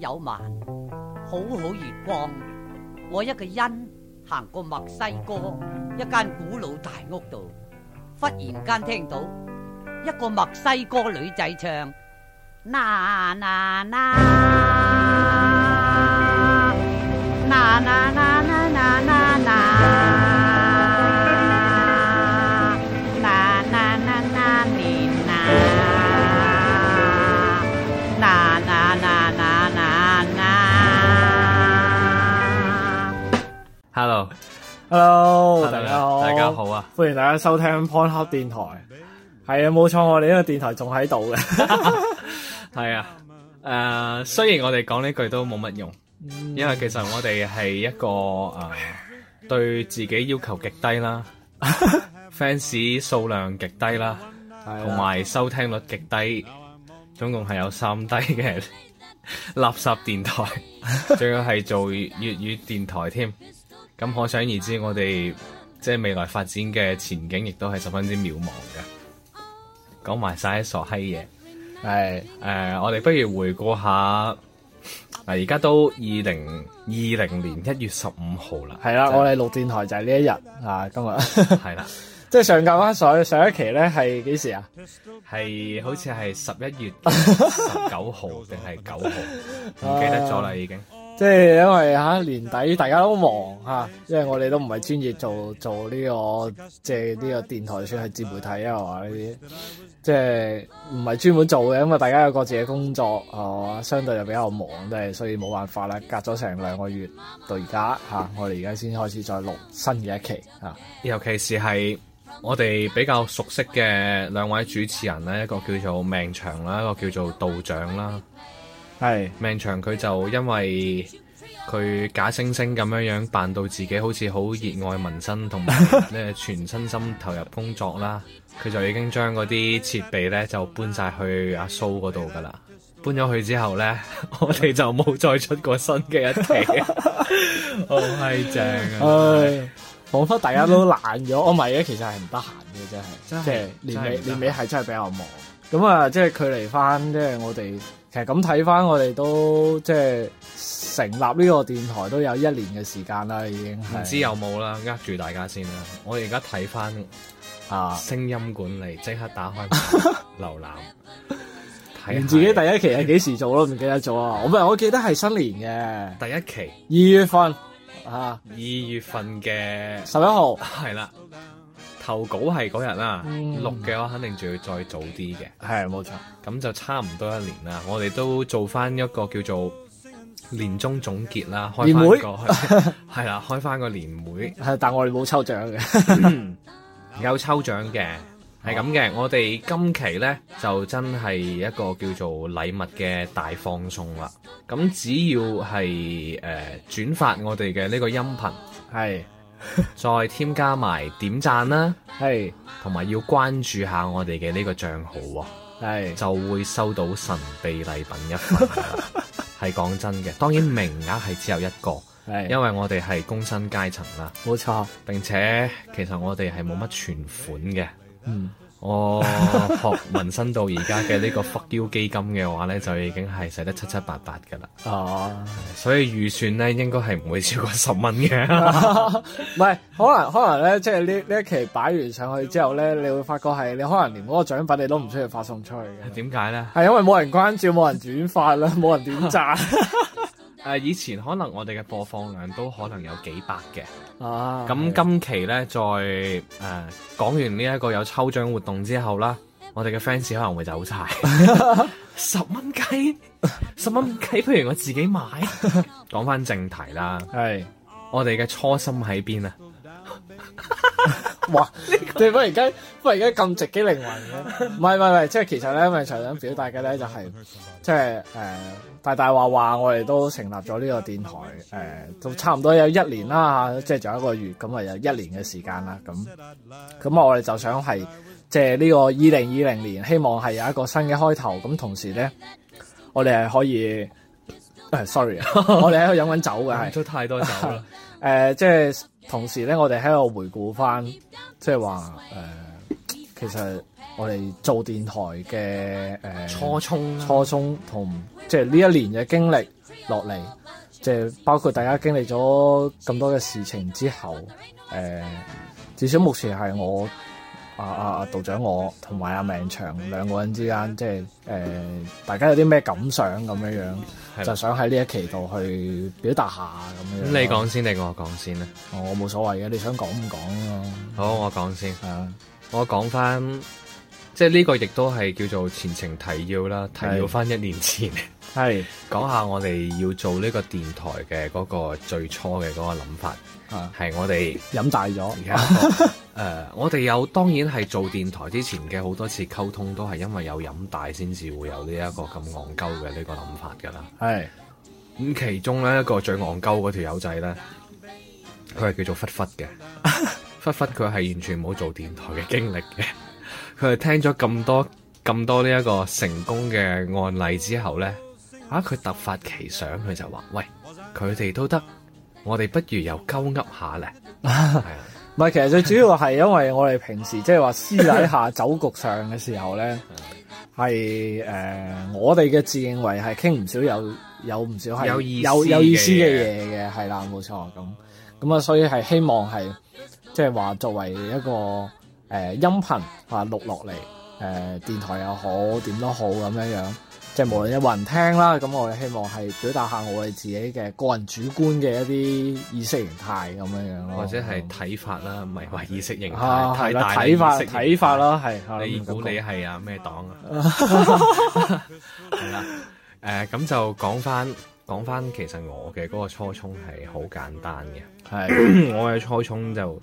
有晚，好好月光，我一個人行過墨西哥一間古老大屋度，忽然間聽到一個墨西哥女仔唱：啦啦啦，啦啦啦啦啦啦啦。Hello，大家好，大家好啊！歡迎大家收聽 Punch 電台，係啊，冇錯，我哋呢個電台仲喺度嘅，係啊，誒，雖然我哋講呢句都冇乜用，因為其實我哋係一個誒，對自己要求極低啦，fans 數量極低啦，同埋收聽率極低，總共係有三低嘅垃圾電台，仲要係做粵語電台添。咁可想而知，我哋即係未來發展嘅前景，亦都係十分之渺茫嘅。講埋晒啲傻閪嘢，係誒是、呃，我哋不如回顧下嗱，而家都二零二零年一月十五號啦。係啦、啊，就是、我哋六電台就係呢一日啊，今日係啦。即 係、啊、 上架翻上上一期咧，係幾時啊？係好似係十一月十九號定係九號，唔記得咗啦，已經。Uh 即係因為嚇年底大家都忙嚇，因為我哋都唔係專業做做呢個，借呢個電台算係自媒體啊係嘛呢啲，即係唔係專門做嘅，因為大家有各自嘅工作嚇，相對就比較忙，都係所以冇辦法啦。隔咗成兩個月到而家嚇，我哋而家先開始再錄新嘅一期嚇，尤其是係我哋比較熟悉嘅兩位主持人咧，一個叫做命長啦，一個叫做道長啦。係是命長，佢就因為佢假惺惺咁樣樣扮到自己好似好熱愛民生，同埋咩全身心投入工作啦。佢 就已經將嗰啲設備咧就搬晒去阿蘇嗰度噶啦。搬咗去之後咧，我哋就冇再出過新嘅一期。好 係、oh, my God, 正啊！仿佛、哎、大家都懶咗，我咪係其實係唔得閒嘅真係，即係年尾年尾係真係比較忙。咁啊，即係距離翻即係我哋。其實咁睇翻，我哋都即係成立呢個電台都有一年嘅時間啦，已經係。唔知有冇啦，呃住大家先啦。我而家睇翻啊，聲音管理即 刻打開瀏覽。睇 自己第一期係幾時做咯？唔記得做啊！我唔係，我記得係新年嘅第一期，二月份啊，二月份嘅十一號係啦。 投稿係嗰日啦，錄嘅話肯定仲要再早啲嘅，係冇錯。咁就差唔多一年啦，我哋都做翻一個叫做年終總結啦，開翻個係啦，開翻個年會。係，但係我哋冇抽獎嘅，有抽獎嘅係咁嘅。我哋今期呢就真係一個叫做禮物嘅大放送啦。咁只要係誒轉發我哋嘅呢個音頻，係。 再添加埋點讚啦，係是，同埋要關注下我哋嘅呢個賬號，係是、哦、就會收到神秘禮品一份，係講 真嘅。當然名額係只有一個，係是，因為我哋係工薪階層啦，冇錯錯，並且其實我哋係冇乜存款嘅，嗯。我、oh, 學紋身到而家嘅呢個福嬌基金嘅話咧，就已經係使得七七八八㗎喇。哦，oh. 所以預算咧應該係唔會超過十蚊嘅。唔係， 可能可能咧，即係呢呢一期擺完上去之後咧，你會發覺係你可能連嗰個獎品你都唔需要發送出去嘅。點解咧？係因為冇人關照，冇人轉發啦，冇人點讚。誒， 以前可能我哋嘅播放量都可能有幾百嘅。啊！咁今期咧，再誒講、呃、完呢一個有抽獎活動之後啦，我哋嘅 fans 可能會走晒。 十蚊雞，十蚊雞，不如我自己買。講 翻正題啦，係是我哋嘅初心喺邊啊？ 哇！你忽然間，忽然間咁直擊靈魂嘅，唔係唔係，即係其實咧，我係想表達嘅咧，就係即係誒。大大話話，我哋都成立咗呢個電台，誒、呃，都差唔多有一年啦，吓，即係仲有一個月，咁啊，有一年嘅時間啦，咁，咁我哋就想係，即係呢個二零二零年，希望係有一個新嘅開頭，咁同時咧，我哋係可以、呃、Sorry,，s o r r y 我哋喺度飲緊酒嘅，係，飲咗太多酒誒、 呃，即係同時咧，我哋喺度回顧翻，即係話，誒、呃，其實。我哋做電台嘅誒，呃、初衷、啊，初衷同即係呢一年嘅經歷落嚟，即係包括大家經歷咗咁多嘅事情之後，誒、呃，至少目前係我阿阿阿道長我同埋阿明祥兩個人之間，即係誒、呃，大家有啲咩感想咁樣樣，嗎就想喺呢一期度去表達下咁樣。咁你講先定我講先咧？我冇、哦、所謂嘅，你想講唔講咯？好，我講先。啊、嗯，我講翻。即係呢個亦都係叫做前情提要啦，提要翻一年前，係講下我哋要做呢個電台嘅嗰個最初嘅嗰個諗法，係、啊、我哋飲大咗。而誒、 呃，我哋有當然係做電台之前嘅好多次溝通，都係因為有飲大先至會有呢一個咁戇鳩嘅呢個諗法噶啦。係咁是，其中呢一個最戇鳩嗰條友仔呢，佢係叫做忽忽嘅，忽忽佢係完全冇做電台嘅經歷嘅。佢係聽咗咁多咁多呢一個成功嘅案例之後咧，啊！佢突發奇想，佢就話，喂，佢哋都得，我哋不如又鳩噏下咧？係 啊，唔係，其實最主要係因為我哋平時即係話私底下酒局上嘅時候咧，係誒、 呃，我哋嘅自認為係傾唔少有有唔少係有有意思嘅嘢嘅，係啦，冇錯咁。咁啊，所以係希望係即係話作為一個。誒，音頻啊錄落嚟，誒電台又好，點都好咁樣樣，即係無論有冇人聽啦，咁我哋希望係表達下我哋自己嘅個人主觀嘅一啲意識形態咁樣樣咯，或者係睇法啦，唔係話意識形態太大睇、啊、法睇法啦，係你估你係啊咩黨啊？係啦， 誒、呃、咁就講翻講翻，講其實我嘅嗰個初衷係好簡單嘅，係的 我嘅初衷就。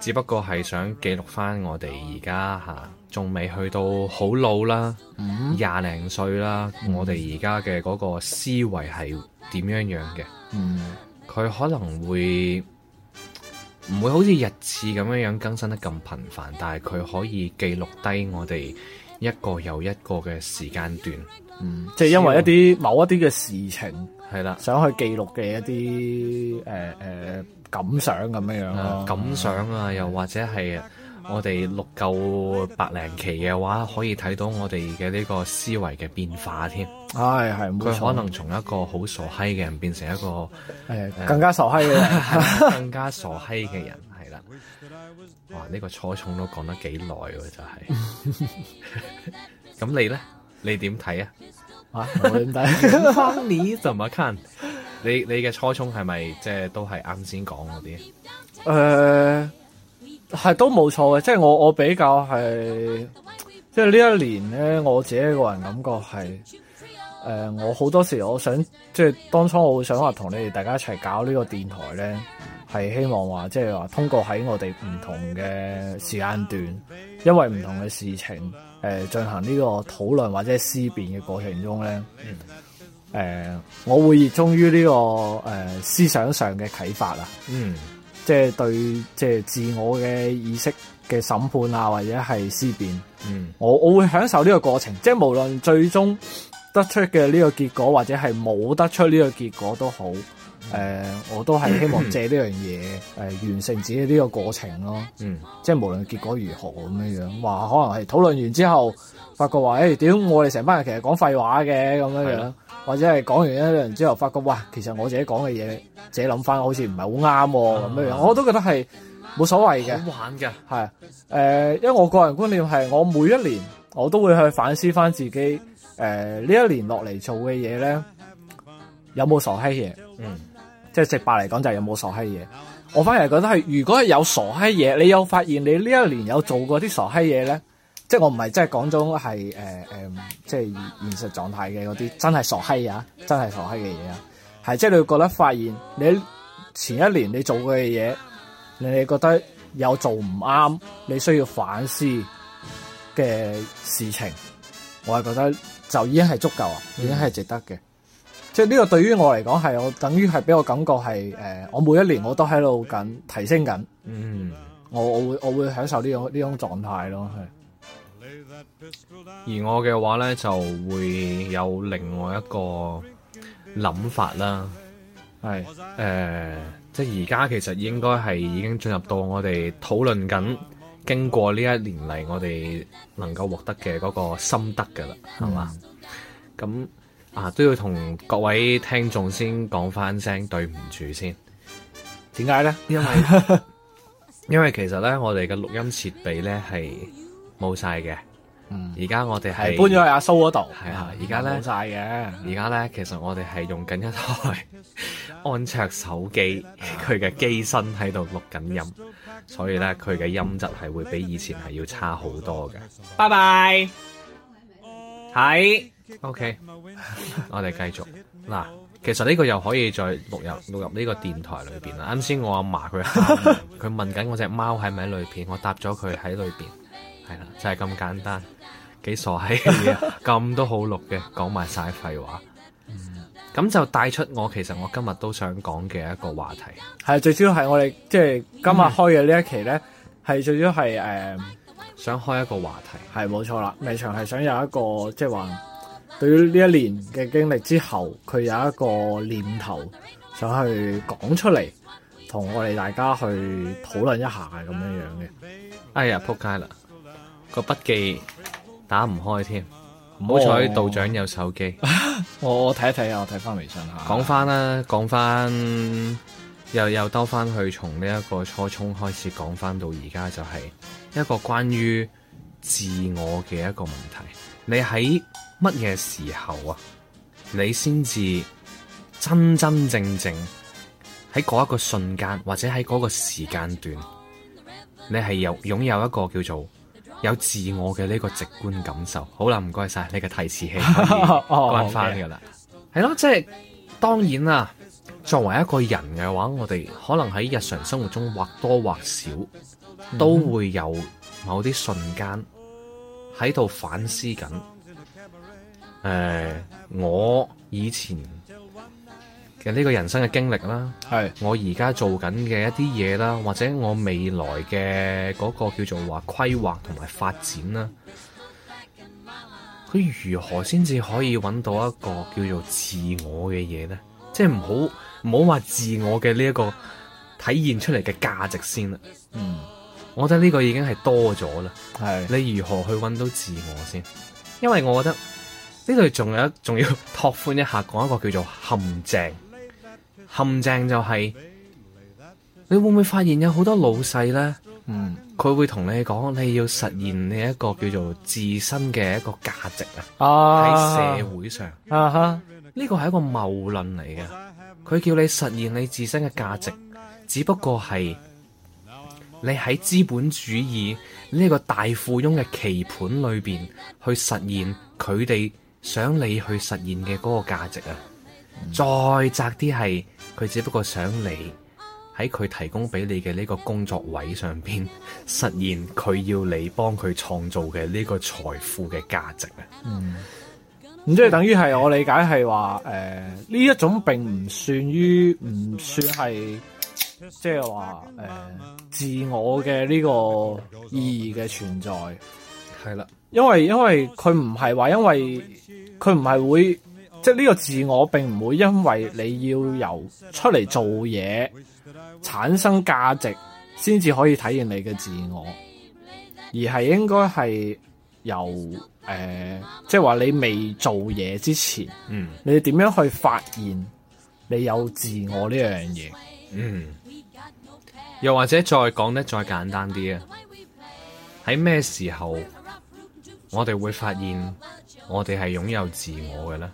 只不過係想記錄翻我哋而家吓，仲、啊、未去到好老啦，廿零歲啦，我哋而家嘅嗰個思維係點樣樣嘅？嗯、mm，佢、hmm. 可能會唔會好似日誌咁樣樣更新得咁頻繁？但係佢可以記錄低我哋一個又一個嘅時間段。嗯、mm，hmm. 即係因為一啲某一啲嘅事情係啦， 了想去記錄嘅一啲誒誒。呃呃感想咁樣樣，感想啊，嗯、又或者係我哋錄夠百零期嘅話，可以睇到我哋嘅呢個思維嘅變化添。係係冇錯，佢可能從一個好傻閪嘅人變成一個、哎、更加傻閪嘅，更加傻閪嘅人。係啦，哇！呢、這個初衷都講得幾耐喎、就係，就 係。 咁你咧，你點睇啊？啊，我點睇？你怎麼看？啊 你你嘅初衷係咪即係都係啱先講嗰啲？誒，係都冇錯嘅，即係、呃、我我比較係，即係呢一年咧，我自己個人感覺係誒、呃，我好多時我想即係當初我會想話同你哋大家一齊搞呢個電台咧，係希望話即係話通過喺我哋唔同嘅時間段，因為唔同嘅事情誒進、呃、行呢個討論或者思辨嘅過程中咧。嗯誒、呃，我會熱衷於呢個誒、呃、思想上嘅啟發啦、啊，嗯，即係對即係自我嘅意識嘅審判啊，或者係思辨，嗯，我我會享受呢個過程，即係無論最終得出嘅呢個結果，或者係冇得出呢個結果都好，誒、呃，我都係希望借呢樣嘢誒完成自己呢個過程咯、啊，嗯，即係無論結果如何咁樣樣，話可能係討論完之後發覺話誒，屌、欸、點解我哋成班人其實講廢話嘅咁樣樣。或者係講完一輪之後，發覺哇，其實我自己講嘅嘢，自己諗翻好似唔係好啱咁樣，我都覺得係冇所謂嘅，好玩嘅，係誒、呃，因為我個人觀念係，我每一年我都會去反思翻自己誒呢、呃、一年落嚟做嘅嘢咧，有冇傻閪嘢？嗯，即係直白嚟講，就係有冇傻閪嘢。我反而係覺得係，如果係有傻閪嘢，你有發現你呢一年有做過啲傻閪嘢咧？即係我唔係真係講咗係誒誒，即係現實狀態嘅嗰啲真係傻閪啊，真係傻閪嘅嘢啊，係即係你會覺得發現你前一年你做嘅嘢，你覺得有做唔啱，你需要反思嘅事情，我係覺得就已經係足夠啊，已經係值得嘅。嗯、即係呢個對於我嚟講係我等於係俾我感覺係誒、呃，我每一年我都喺度緊提升緊。嗯，我我會我會享受呢種呢種狀態咯，係。而我嘅話呢就會有另外一個諗法啦，係誒，即係而家其實應該係已經進入到我哋討論緊，經過呢一年嚟我哋能夠獲得嘅嗰個心得㗎喇，係嘛？咁啊都要同各位聽眾先講返聲對唔住先，點解呢？因為因為其實呢我哋嘅錄音設備呢係冇晒嘅。而家我哋係搬咗去阿蘇嗰度，係啊！而家咧搬晒嘅。而家咧，其實我哋係用緊一台安卓手機，佢嘅機身喺度錄緊音，所以咧佢嘅音質係會比以前係要差好多嘅。拜拜，係 OK，我哋繼續。嗱，其實呢個又可以再錄入錄入呢個電台裏邊啦。啱先我阿嫲，佢佢問緊我隻貓喺咪喺裏邊，我搭咗佢喺裏邊，係啦，就係咁簡單。幾傻閪咁 都好錄嘅，講埋晒廢話，咁、嗯、就帶出我其實我今日都想講嘅一個話題。係最主要係我哋即係今日開嘅呢一期咧，係、嗯、最主要係誒、uh, 想開一個話題。係冇錯啦，未祥係想有一個即係話對於呢一年嘅經歷之後，佢有一個念頭想去講出嚟，同我哋大家去討論一下咁樣樣嘅。哎呀，撲街啦個筆記。打唔開添，唔、哦、好彩道長有手機，哦、我睇一睇啊，我睇翻微信吓。講翻啦，講翻又又兜翻去從呢一個初衷開始講翻到而家，就係一個關於自我嘅一個問題。你喺乜嘢時候啊？你先至真真正正喺嗰一個瞬間，或者喺嗰個時間段，你係有擁有一個叫做。有自我嘅呢個直觀感受，好啦，唔該晒，你嘅提示器，關翻㗎啦，係 咯，即係當然啦。作為一個人嘅話，我哋可能喺日常生活中或多或少都會有某啲瞬間喺度反思緊。誒、 嗯，我以前。其實呢個人生嘅經歷啦，係是我而家做緊嘅一啲嘢啦，或者我未來嘅嗰個叫做話規劃同埋發展啦，佢、嗯、如何先至可以揾到一個叫做自我嘅嘢呢？即係唔好唔好話自我嘅呢一個體現出嚟嘅價值先啦。嗯，我覺得呢個已經係多咗啦。係是你如何去揾到自我先？因為我覺得呢度仲有仲要拓寬一下，講一個叫做陷阱。陷阱就係，你會唔會發現有好多老細呢？嗯，佢會同你講你要實現你一個叫做自身嘅一個價值啊，喺社會上，啊哈，呢個係一個謬論嚟嘅，佢叫你實現你自身嘅價值，只不過係你喺資本主義呢個大富翁嘅棋盤裏邊去實現佢哋想你去實現嘅嗰個價值啊。再窄啲係，佢只不過想你喺佢提供俾你嘅呢個工作位上邊實現佢要你幫佢創造嘅呢個財富嘅價值啊！咁即係等於係我理解係話，誒，呢一種並唔算於唔算係即係話，誒、呃、自我嘅呢個意義嘅存在係啦是的，因為因為佢唔係話，因為佢唔係會。即係呢個自我，並唔會因為你要由出嚟做嘢產生價值，先至可以體現你嘅自我，而係應該係由誒、呃，即係話你未做嘢之前，嗯，你點樣去發現你有自我呢樣嘢？嗯，又或者再講得再簡單啲啊，喺咩時候我哋會發現我哋係擁有自我嘅咧？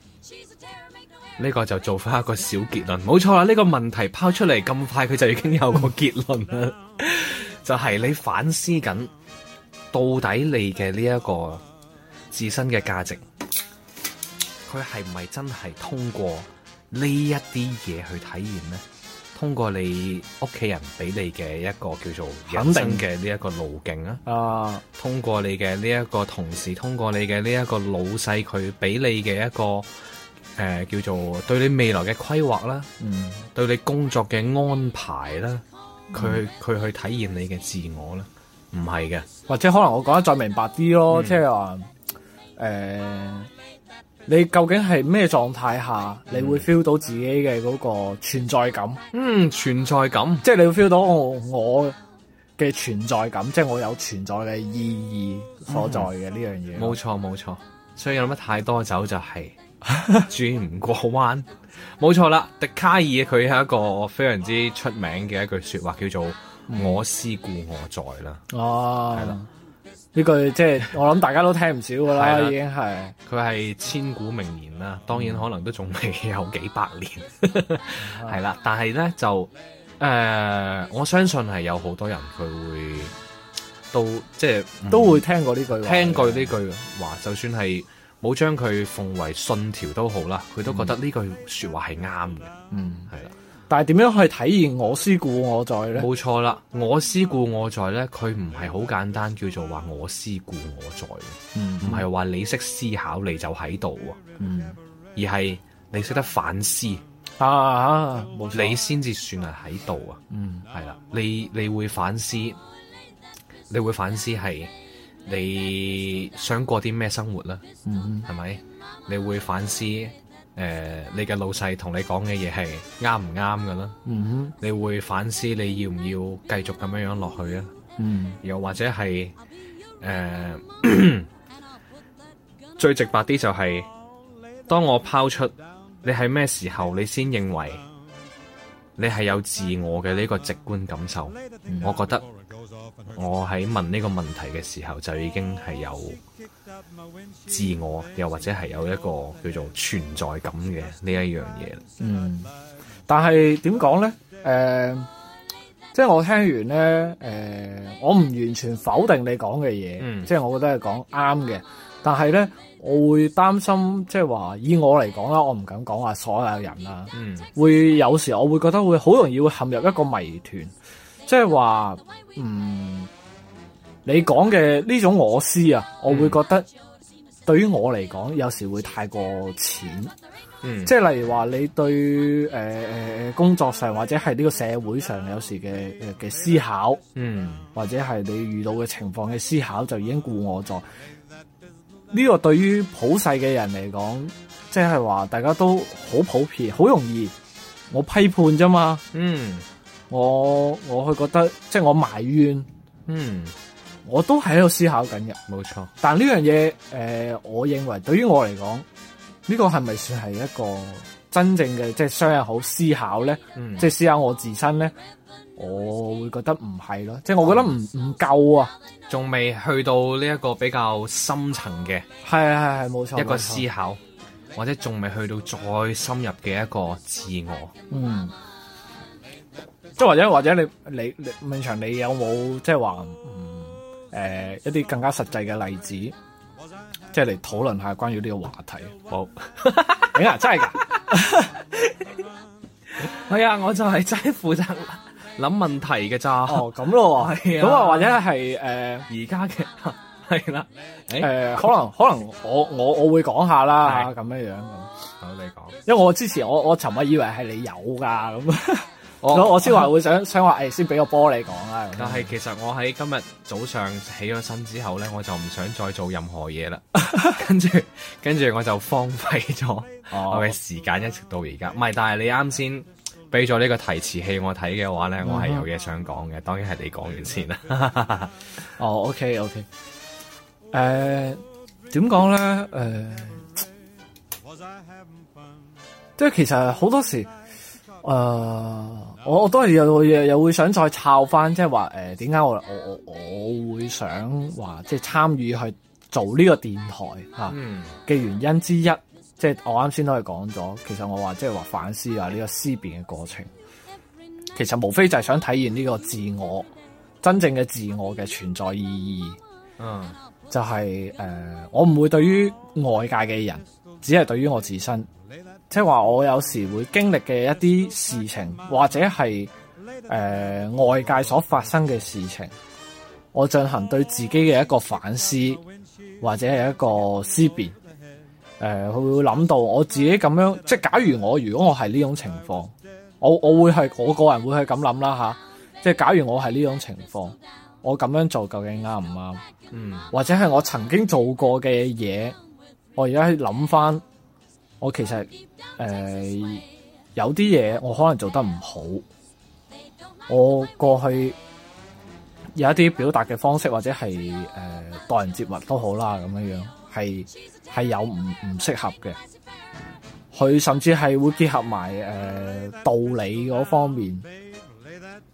呢個就做翻一個小結論，冇錯啦！呢個問題拋出嚟，咁快，佢就已經有個結論啦， 就係你反思緊到底你嘅呢一個自身嘅價值，佢係唔係真係通過呢一啲嘢去體驗呢？通過你屋企人俾你嘅一個叫做肯定嘅呢一個路徑啊，定通過你嘅呢一個，同事，通過你嘅呢一個老細佢俾你嘅一個。誒、呃，叫做對你未來嘅規劃啦，嗯，對你工作嘅安排啦，佢佢、嗯、去，去體現你嘅自我啦，唔係嘅，或者可能我講得再明白啲咯，即係話，誒、呃，你究竟係咩狀態下你會 feel 到自己嘅嗰個存在感？嗯，存在感，即係你會 feel 到我嘅存在感，即係我有存在嘅意義所在嘅呢、嗯、樣嘢。冇錯冇錯，所以有乜太多走就係、是。轉唔 過彎，冇錯啦。笛卡爾佢係一個非常之出名嘅一句說話，叫做我思故我在啦。哦，係啦、啊，呢的句即係我諗大家都聽唔少噶啦， 的已經係。佢係千古名言啦，當然可能都仲未有幾百年係啦， 但係咧就誒、呃，我相信係有好多人佢會到即係都會聽過呢句，聽過呢句話，的就算係。冇將佢奉為信條都好啦，佢都覺得呢句說話係啱嘅。嗯，係啦的。但係點樣去體現我思故我在咧？冇錯啦，我思故我在咧，佢唔係好簡單叫做話我思故我在嘅。嗯，唔係話你識思考你就喺度啊。嗯，而係你識得反思啊，冇錯。你先至算係喺度啊。嗯，係啦，你你會反思，你會反思係。你想過啲咩生活啦？係咪、mm hmm.？你會反思誒、呃，你嘅老細同你講嘅嘢係啱唔啱㗎啦？Mm hmm. 你會反思你要唔要繼續咁樣樣落去啊？Mm hmm. 又或者係誒、呃， 最直白啲就係、是，當我拋出你係咩時候，你先認為你係有自我嘅呢個直觀感受？Mm hmm. 我覺得。我喺問呢個問題嘅時候就已經係有自我，又或者係有一個叫做存在感嘅呢一樣嘢。嗯，但係點講咧？誒、呃，即係我聽完咧，誒、呃，我唔完全否定你講嘅嘢，即係、嗯、我覺得係講啱嘅。但係咧，我會擔心，即係話以我嚟講啦，我唔敢講話所有人啦，嗯，會有時我會覺得會好容易會陷入一個謎團。即係話，嗯，你講嘅呢種我思啊，我會覺得對於我嚟講，有時會太過淺。嗯，即係例如話你對誒誒、呃、工作上或者係呢個社會上有時嘅嘅、呃、思考，嗯，或者係你遇到嘅情況嘅思考，就已經顧我咗。呢、這個對於普世嘅人嚟講，即係話大家都好普遍，好容易，我批判啫嘛，嗯。我我去覺得，即係我埋怨，嗯，我都係喺度思考緊嘅，冇錯。但呢樣嘢，誒、呃，我認為對於我嚟講，呢、這個係咪算係一個真正嘅，即係相應好思考咧？嗯、即係思考我自身咧，我會覺得唔係咯，嗯、即係我覺得唔唔夠啊，仲未去到呢一個比較深層嘅，係係係，冇錯，一個思考，冇錯，或者仲未去到再深入嘅一個自我，嗯。即或者或者你你你現場你，你，你有冇即係話誒一啲更加實際嘅例子，即係嚟討論下關於呢個話題。好、oh. 哎，點啊真係噶？係 啊，我就係真係負責諗問題嘅咋。哦、oh,，咁咯，咁啊，或者係誒而家嘅係啦。誒、呃，在 啊、 可能 可能我我我會講下啦，咁、啊、樣樣咁。好，你講。因為我之前我我尋日以為係你有噶咁。 我先話會想是想話，誒、哎，先俾個波你講啊。但係其實我喺今日早上起咗身之後咧，我就唔想再做任何嘢啦。 跟住跟住我就荒廢咗我嘅時間，一直到而家。唔係、哦，但係你啱先俾咗呢個提詞器我睇嘅話咧，我係有嘢想講嘅。嗯、哼當然係你講完先啦。 哦，OK OK、uh,。誒，點講咧？誒，即係其實好多時，誒、uh,。我我都係又又又會想再抄翻，即係話誒，點解我我我我會想話即係參與去做呢個電台吓嘅原因之一，即係、嗯、我啱先都係講咗，其實我話即係話反思啊呢個思辨嘅過程，其實無非就係想體現呢個自我真正嘅自我嘅存在意義。嗯，就係、是、誒、呃，我唔會對於外界嘅人，只係對於我自身。即係話我有時會經歷嘅一啲事情，或者係誒、呃、外界所發生嘅事情，我進行對自己嘅一個反思，或者係一個思辨。誒、呃，佢會諗到我自己咁樣，即係假如我如果我係呢種情況，我我會係我個人會係咁諗啦吓。即係假如我係呢種情況，我咁樣做究竟啱唔啱？嗯，或者係我曾經做過嘅嘢，我而家去諗翻。我其實誒、呃、有啲嘢我可能做得唔好。我過去有一啲表達嘅方式或者係誒待人接物都好啦咁樣樣，係係有唔唔適合嘅，佢、嗯、甚至係會結合埋誒、呃、道理嗰方面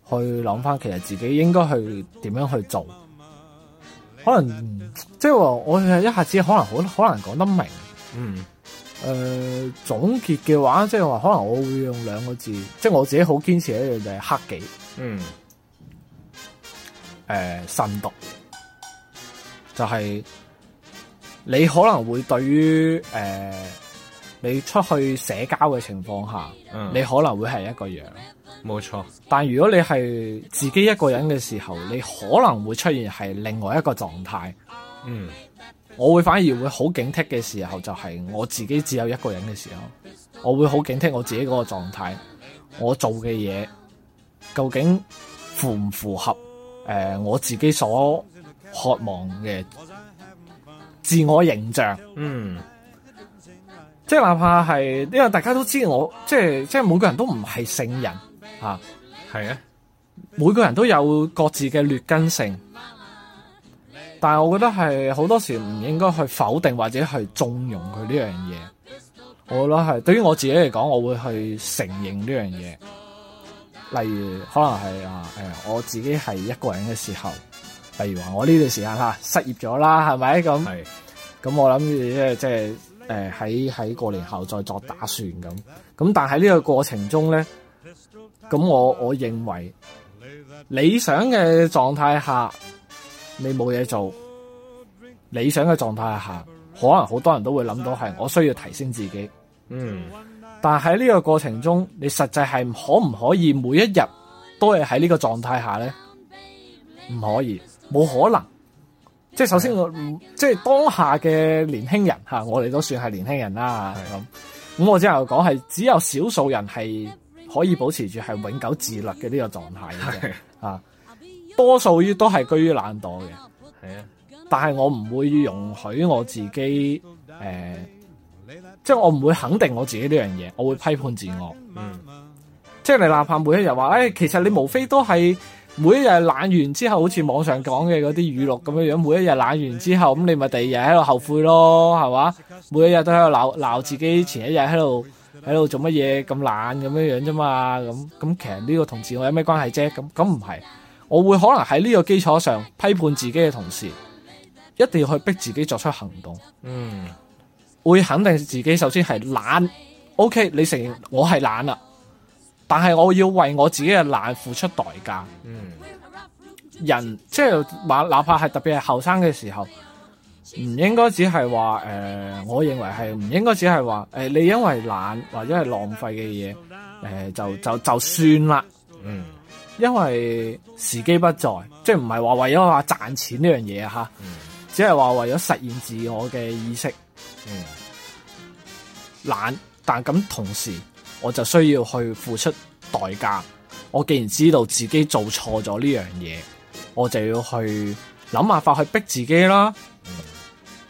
去諗翻，其實自己應該去點樣去做，可能即係話我一下子可能好難講得明，嗯。誒、呃，總結嘅話，即係話，可能我會用兩個字，即係我自己好堅持一樣就係黑記，嗯，誒、呃，慎獨，就係你可能會對於誒、呃，你出去社交嘅情況下，嗯，你可能會係一個樣，冇錯。但如果你係自己一個人嘅時候，你可能會出現係另外一個狀態，嗯。我會反而會好警惕嘅時候，就係我自己只有一個人嘅時候，我會好警惕我自己嗰個狀態，我做嘅嘢究竟符唔符合誒、呃、我自己所渴望嘅自我形象？嗯，即係哪怕係因為大家都知我，即係即係每個人，都人，都唔係聖人吓，係啊，的每個人都有各自嘅劣根性。但係，我覺得係好多時唔應該去否定或者去縱容佢呢樣嘢。我覺得係對於我自己嚟講，我會去承認呢樣嘢。例如，可能係啊誒，我自己係一個人嘅時候，例如話我呢段時間吓，失業咗啦，係咪咁？係。咁是我諗住即係誒喺喺過年後再作打算咁。咁但係呢個過程中咧，咁我我認為理想嘅狀態下。你冇嘢做，理想嘅狀態下，可能好多人都會諗到係我需要提升自己。嗯，但喺呢個過程中，你實際係可唔可以每一日都係喺呢個狀態下呢？唔可以，冇可能。即係首先我，的即係當下嘅年輕人吓，我哋都算係年輕人啦。咁的，我之後講係只有少數人係可以保持住係永久自律嘅呢個狀態的啊。多數於都係居於懶惰嘅。係啊，但係我唔會容許我自己，誒，即係我唔會肯定我自己呢樣嘢，我會批判自我，嗯，即係你哪怕每一日話，誒，其實你無非都係每一日懶完之後，好似網上講嘅嗰啲語錄咁樣樣，每一日懶完之後，咁你咪第二日喺度後悔咯，係嘛，每一日都喺度鬧鬧自己，前一日喺度喺度做乜嘢咁懶咁樣樣啫嘛，咁咁其實呢個同自我有咩關係啫？咁咁唔係。我會可能喺呢個基礎上批判自己嘅同時，一定要去逼自己作出行動。嗯，會肯定自己首先係懶。OK，你承認我係懶啦，但係我要為我自己嘅懶付出代價。嗯，人即係話，哪怕係特別係後生嘅時候，唔應該只係話誒，我認為係唔應該只係話誒，你因為懶或者係浪費嘅嘢，誒就就就算啦。嗯。因為時機不在，即係唔係話為咗話賺錢呢樣嘢吓，嗯、只係話為咗實現自我嘅意識懶、嗯。但咁同時，我就需要去付出代價。我既然知道自己做錯咗呢樣嘢，我就要去諗辦法去逼自己啦。嗯、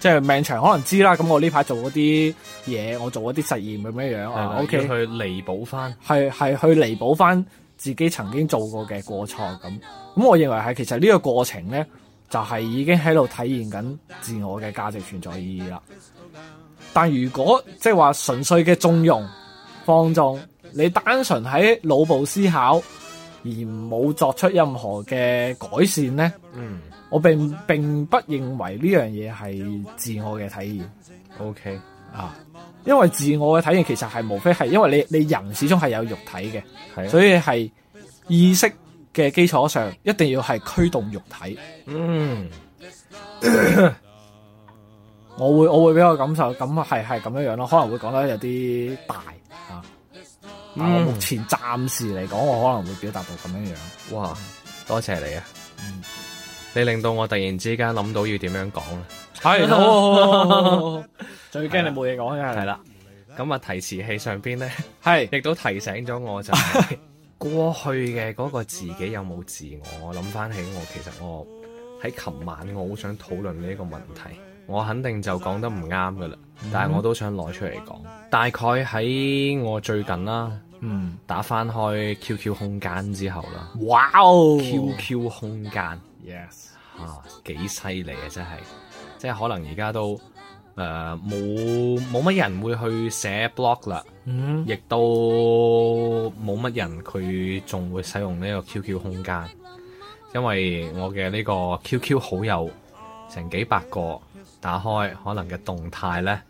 即係命長可能知啦。咁我呢排做嗰啲嘢，我做嗰啲實驗咁樣樣，我吧 OK 去彌補翻，係係去彌補翻。自己曾經做過嘅過錯咁，咁我認為係其實呢個過程呢，就係已經喺度體驗緊自我嘅價值存在意義啦。但如果即係話純粹嘅縱容、放縱，你單純喺腦部思考而冇作出任何嘅改善呢，嗯，我並並不認為呢樣嘢係自我嘅體驗。OK。啊，因為自我嘅體驗其實係無非係，因為你你人始終係有肉體嘅，啊、所以係意識嘅基礎上一定要係驅動肉體。嗯 我，我會我會俾我感受感，咁係係咁樣樣咯，可能會講得有啲大吓。我、啊嗯啊、目前暫時嚟講，我可能會表達到咁樣樣。哇，多謝你啊！嗯、你令到我突然之間諗到要點樣講啦。睇嚟都最驚你冇嘢講嘅係啦，咁啊，提詞器上邊咧係亦都提醒咗我，就係，就 過去嘅嗰個自己有冇自我？我諗翻起我，其實我喺琴晚我好想討論呢一個問題，我肯定就講得唔啱噶啦，mm hmm。但係我都想攞出嚟講。大概喺我最近啦，嗯，打翻開 QQ 空間之後啦，哇哦，QQ 空間，yes，吓幾犀利啊，真係！即係可能而家都誒冇冇乜人會去寫 blog 啦，嗯，亦都冇乜人佢仲會使用呢個 QQ 空間，因為我嘅呢個 QQ 好友成幾百個，打開可能嘅動態咧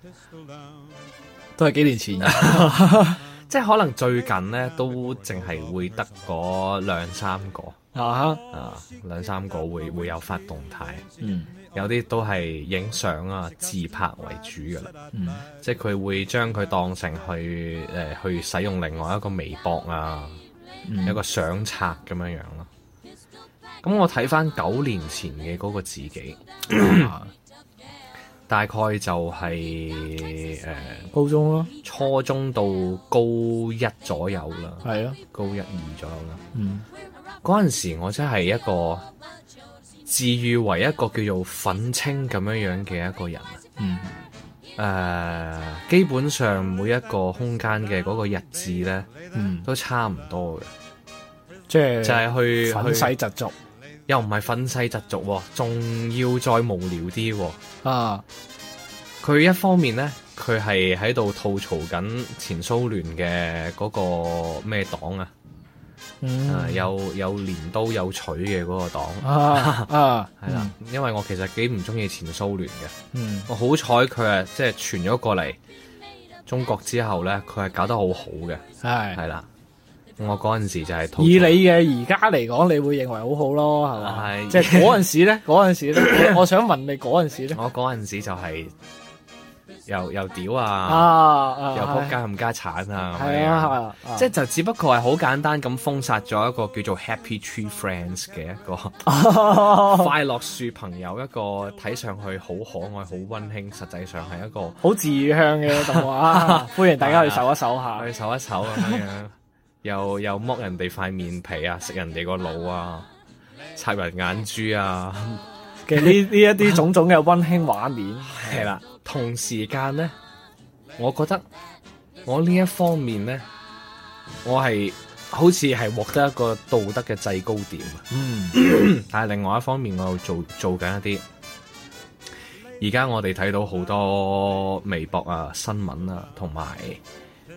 都係幾年前， 即係可能最近咧都淨係會得嗰兩三個啊哈啊兩三個會會有發動態嗯。有啲都係影相啊、自拍為主嘅啦，嗯、即係佢會將佢當成去誒、呃、去使用另外一個微博啊，嗯、一個相冊咁樣樣咯。咁我睇返九年前嘅嗰個自己，啊、 大概就係、是、誒、呃、高中咯、啊，初中到高一左右啦，係咯、啊，高一二左右啦。嗯，嗰陣時我真係一個。自譽為一個叫做憤青咁樣樣嘅一個人，誒、mm，hmm. uh, 基本上每一個空間嘅嗰個日子咧，mm hmm. 都差唔多嘅，即係是 就係去憤世嫉俗，又唔係憤世嫉俗，仲要再無聊啲、哦，啊！佢一方面咧，佢係喺度吐槽緊前蘇聯嘅嗰個咩黨啊。誒、嗯 uh,，有有鐮刀有錘嘅嗰個黨啊，係啦，因為我其實幾唔中意前蘇聯嘅，嗯、我好彩佢誒，即係傳咗過嚟中國之後咧，佢係搞得好好嘅，係係啦，我嗰陣時就係同以你嘅而家嚟講，你會認為好好咯，係嘛，即係嗰陣時咧，嗰陣時咧， 我想問你嗰陣時咧，我嗰陣時就係、是。又又屌啊！啊啊又仆街，冚家鏟啊！咁樣，即係就只不過係好簡單咁封殺咗一個叫做 Happy Tree Friends 嘅一個快樂樹朋友，一個睇上去好可愛、好溫馨，實際上係一個好自向嘅 動畫啊！歡迎大家去搜一搜下、 啊，去搜一搜咁樣，又又剝人哋塊面皮啊，食人哋個腦啊，插人眼珠啊， 其實呢呢一啲種種嘅溫馨畫面係啦。 同時間呢，我覺得我呢一方面呢，我係好似係獲得一個道德嘅制高點。嗯，mm. 但係另外一方面，我又做做緊一啲。而家我哋睇到好多微博啊、新聞啊，同埋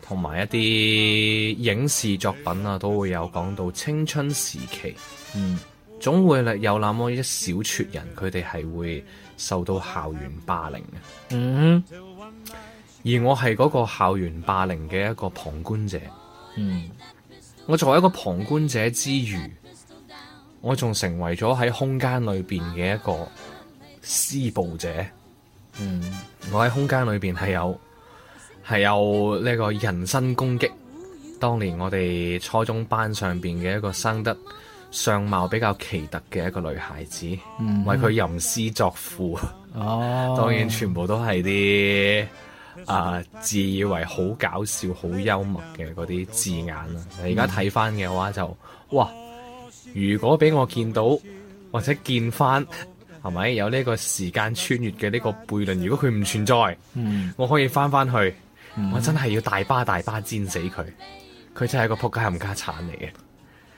同埋一啲影視作品啊，都會有講到青春時期。嗯。Mm. 總會有那麼一小撮人，佢哋係會受到校園霸凌嘅。嗯、mm，hmm. 而我係嗰個校園霸凌嘅一個旁觀者。嗯、mm，hmm. 我作為一個旁觀者之餘，我仲成為咗喺空間裏邊嘅一個施暴者。嗯、mm，hmm. 我喺空間裏邊係有係有呢個人身攻擊。當年我哋初中班上邊嘅一個生得，相貌比較奇特嘅一個女孩子，mm hmm. 為佢吟詩作賦，oh. 當然全部都係啲啊自以為好搞笑、好幽默嘅嗰啲字眼啦。而家睇翻嘅話就哇，如果俾我見到或者見翻係咪有呢個時間穿越嘅呢個悖論？如果佢唔存在，mm hmm. 我可以翻翻去，我真係要大巴大巴煎死佢！佢真係一個撲街冚家鏟嚟嘅。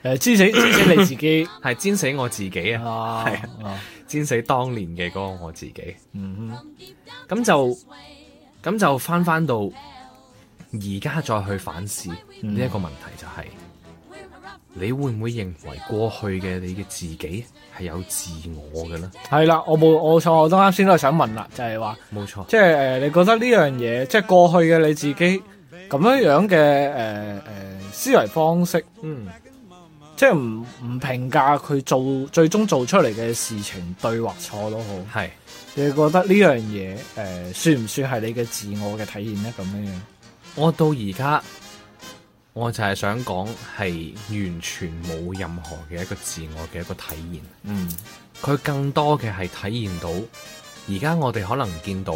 誒、呃，煎死煎死你自己，係 煎死我自己啊，係煎死當年嘅嗰個我自己。嗯哼，咁就咁就翻翻到而家再去反思呢一、嗯、個問題、就係，就係你會唔會認為過去嘅你嘅自己係有自我嘅咧？係啦、嗯，我冇我錯，我都啱先都係想問啦，就係話冇錯，即係誒，你覺得呢樣嘢，即、就、係、係、過去嘅你自己咁樣樣嘅誒誒思維方式，嗯。即係唔唔評價佢做最終做出嚟嘅事情對或錯都好，係是你覺得呢樣嘢誒算唔算係你嘅自我嘅體現呢？咁樣樣我到而家，我就係想講，係完全冇任何嘅一個自我嘅一個體現。嗯，佢更多嘅係體現到而家我哋可能見到。.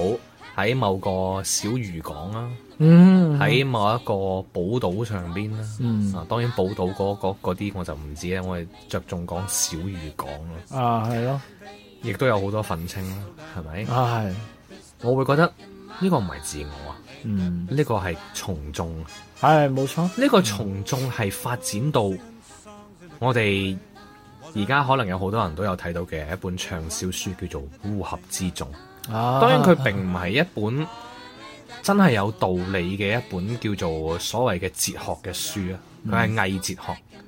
喺某個小漁港啊，喺、嗯嗯、某一個寶島上邊、啊、啦。嗯、啊，當然寶島嗰啲我就唔知啦。我係着重講小漁港咯。啊，係咯、啊，亦都有好多憤青啦，係咪？啊，係。啊、我會覺得呢、呢個唔係自我啊，嗯，呢個係從眾。係、啊，冇錯。呢個從眾係發展到我哋而家可能有好多人都有睇到嘅一本暢銷書，叫做《烏合之眾》。當然佢並唔係一本真係有道理嘅一本叫做所謂嘅哲學嘅書啊，佢係偽哲學，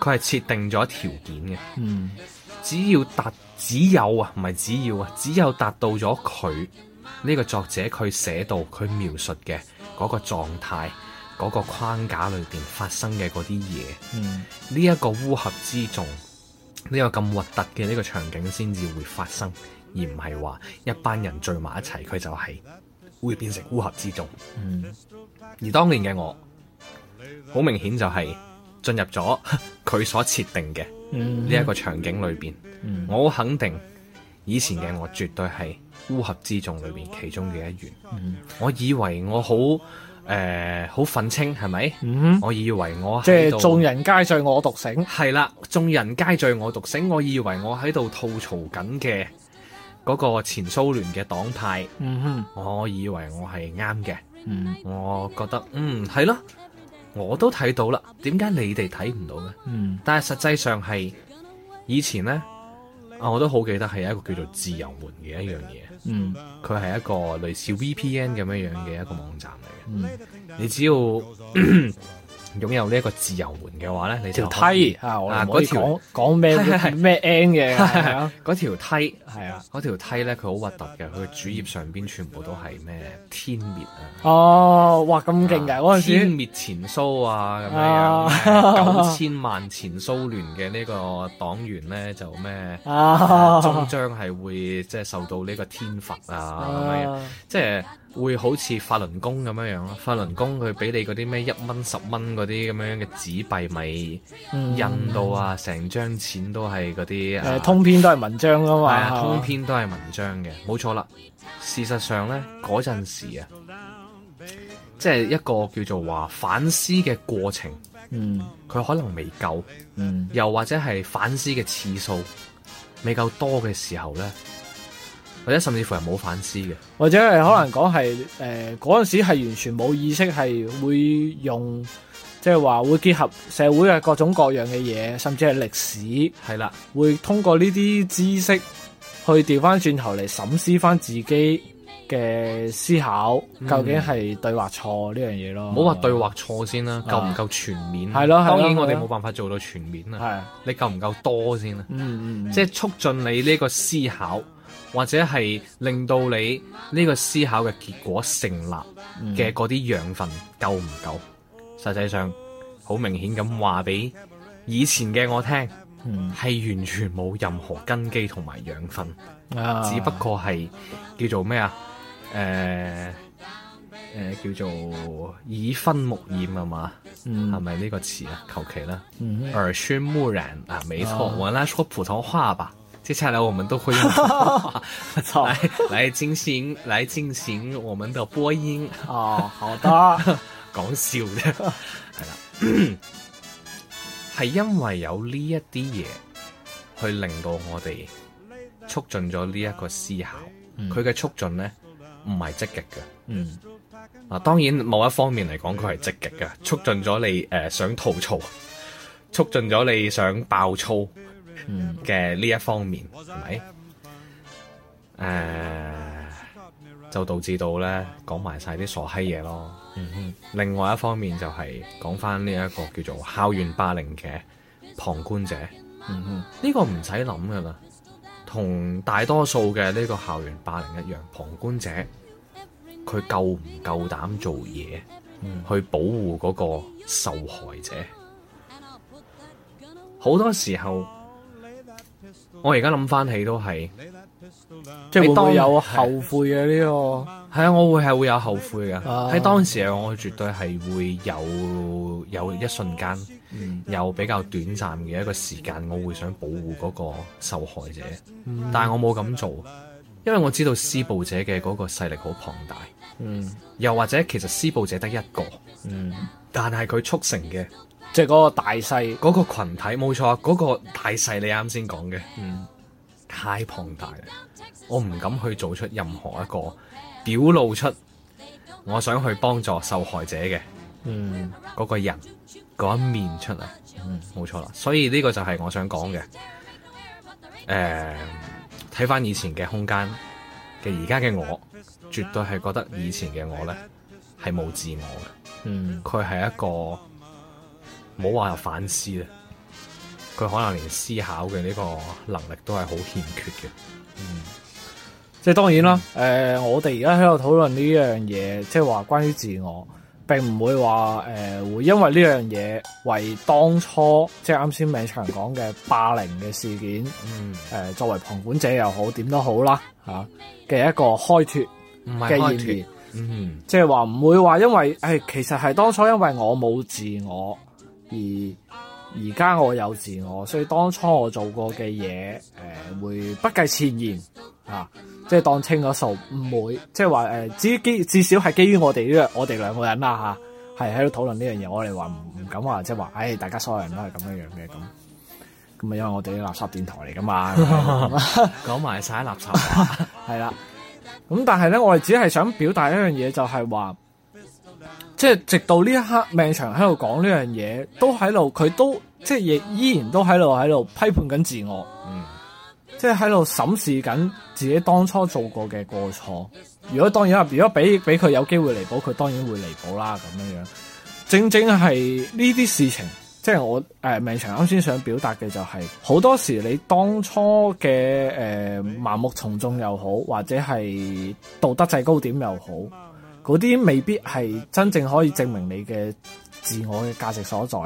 佢係設定咗條件嘅。嗯，只要達只有啊，唔係只要啊，只有達到咗佢呢個作者佢寫到佢描述嘅嗰個狀態嗰個框架裏邊發生嘅嗰啲嘢，嗯，呢一個烏合之眾呢個咁核突嘅呢個場景先至會發生。而唔係話一班人聚埋一齊，佢就係會變成烏合之眾。嗯，而當年嘅我好明顯就係進入咗佢所設定嘅呢一個場景裏邊。嗯、我肯定以前嘅我絕對係烏合之眾裏面其中嘅一員。嗯、我以為我好誒、呃、好憤青，係咪？嗯、哼我以為我即係眾人皆醉，我獨醒。係啦，眾人皆醉，我獨醒。我以為我喺度吐槽緊嘅。嗰個前蘇聯嘅黨派，嗯哼，我以為我係啱嘅，嗯，我覺得，嗯，係咯，我都睇到啦，點解你哋睇唔到咧？嗯，但係實際上係以前呢，啊，我都好記得係一個叫做自由門嘅一樣嘢，嗯，佢係一個類似 VPN 咁樣樣嘅一個網站嚟嘅，嗯，你只要， 擁有呢一個自由門嘅話咧，你條梯啊，唔可以講講咩咩 N 嘅，嗰條梯係啊，嗰條梯咧佢好核突嘅，佢主頁上邊全部都係咩天滅啊！哦，哇咁勁嘅嗰陣時，天滅前蘇啊咁樣，九千萬前蘇聯嘅呢個黨員咧就咩，終將係會即係受到呢個天罰啊咁樣，即係。會好似法輪功咁樣樣咯，法輪功佢俾你嗰啲咩一蚊十蚊嗰啲咁樣嘅紙幣咪印到啊，成張、嗯、錢都係嗰啲誒，通篇都係文章噶嘛，通篇都係文章嘅，冇錯啦。事實上咧，嗰陣時啊，即係一個叫做話反思嘅過程，嗯，佢可能未夠，嗯，又或者係反思嘅次數未夠多嘅時候咧。或者甚至乎係冇反思嘅，或者係可能講係誒嗰陣時係完全冇意識係會用，即係話會結合社會嘅各種各樣嘅嘢，甚至係歷史係啦，對了 會通過呢啲知識去調翻轉頭嚟審視翻自己嘅思考，嗯、究竟係對或錯呢樣嘢咯？唔好話對或錯先啦，夠唔夠全面？係咯，當然我哋冇辦法做到全面啊。係，對了 你夠唔夠多先啦？嗯嗯，即係促進你呢個思考。或者係令到你呢個思考嘅結果成立嘅嗰啲養分夠唔夠？嗯、實際上好明顯咁話俾以前嘅我聽，係、嗯、完全冇任何根基同埋養分，啊、只不過係叫做咩啊？誒、呃、誒、呃、叫做以薰沐染係嘛？係咪呢個詞、嗯、哼啊？求其啦，耳濡目染啊，沒錯。我哋嚟講普通話吧。接下來我們都會用普通話來來進行來進行我們的播音 哦，好的，講笑係啦，係因為有呢一啲嘢去令到我哋促進咗呢一個思考，佢嘅、嗯、促進咧唔係積極嘅，嗯，啊當然某一方面嚟講佢係積極嘅，促進咗你誒、呃、想吐槽，促進咗你想爆粗。嘅呢、mm hmm. 一方面係咪？誒，uh, 就導致到咧講埋晒啲傻閪嘢咯。嗯哼、mm，hmm. 另外一方面就係講翻呢一個叫做校園霸凌嘅旁觀者。嗯哼、mm，呢、hmm. 個唔使諗噶啦，同大多數嘅呢個校園霸凌一樣，旁觀者佢夠唔夠膽做嘢、mm hmm. 去保護嗰個受害者？好、mm hmm. 多時候。我而家諗翻起都係，即係都有後悔嘅呢個。係啊，我會係會有後悔嘅。喺當時我絕對係會有有一瞬間，嗯、有比較短暫嘅一個時間，我會想保護嗰個受害者。嗯、但係我冇咁做，因為我知道施暴者嘅嗰個勢力好龐大。嗯。又或者，其實施暴者得一個。嗯。但係佢促成嘅。即係嗰個大細，嗰個群體冇錯，嗰個大細你啱先講嘅，嗯，太龐大啦，我唔敢去做出任何一個表露出，我想去幫助受害者嘅，嗯，嗰個人嗰一面出嚟，嗯，冇錯啦，所以呢個就係我想講嘅，誒、呃，睇翻以前嘅空間嘅而家嘅我，絕對係覺得以前嘅我呢係冇自我嘅，嗯，佢係一個。冇話有反思咧，佢可能連思考嘅呢個能力都係好欠缺嘅。嗯，即係當然啦。誒、嗯呃，我哋而家喺度討論呢樣嘢，即係話關於自我，並唔會話誒、呃、會因為呢樣嘢為當初即係啱先美長講嘅霸凌嘅事件，嗯，誒、呃、作為旁觀者又好，點都好啦吓嘅一個開脫嘅言辭，嗯，即係話唔會話因為誒、呃、其實係當初因為我冇自我。而而家我有自我，所以當初我做過嘅嘢，誒、呃、會不計前嫌嚇、啊，即係當清咗數唔會，即係話誒，至於基至少係基於我哋呢個，我哋兩個人啦吓，係喺度討論呢樣嘢，我哋話唔敢話，即係話，唉、哎，大家所有人都係咁樣樣嘅咁，咁啊，因為我哋啲垃圾電台嚟噶嘛，講埋晒垃圾，係啦，咁但係咧，我哋只係想表達一樣嘢，就係、是、話。即係直到呢一刻，命長喺度講呢樣嘢，都喺度，佢都即係亦依然都喺度喺度批判緊自我，嗯、即係喺度審視緊自己當初做過嘅過錯。如果當然，如果俾俾佢有機會彌補，佢當然會彌補啦。咁樣樣，正正係呢啲事情，即係我誒、呃，命長啱先想表達嘅就係、是，好多時你當初嘅誒盲目從眾又好，或者係道德制高點又好。嗰啲未必係真正可以證明你嘅自我嘅價值所在，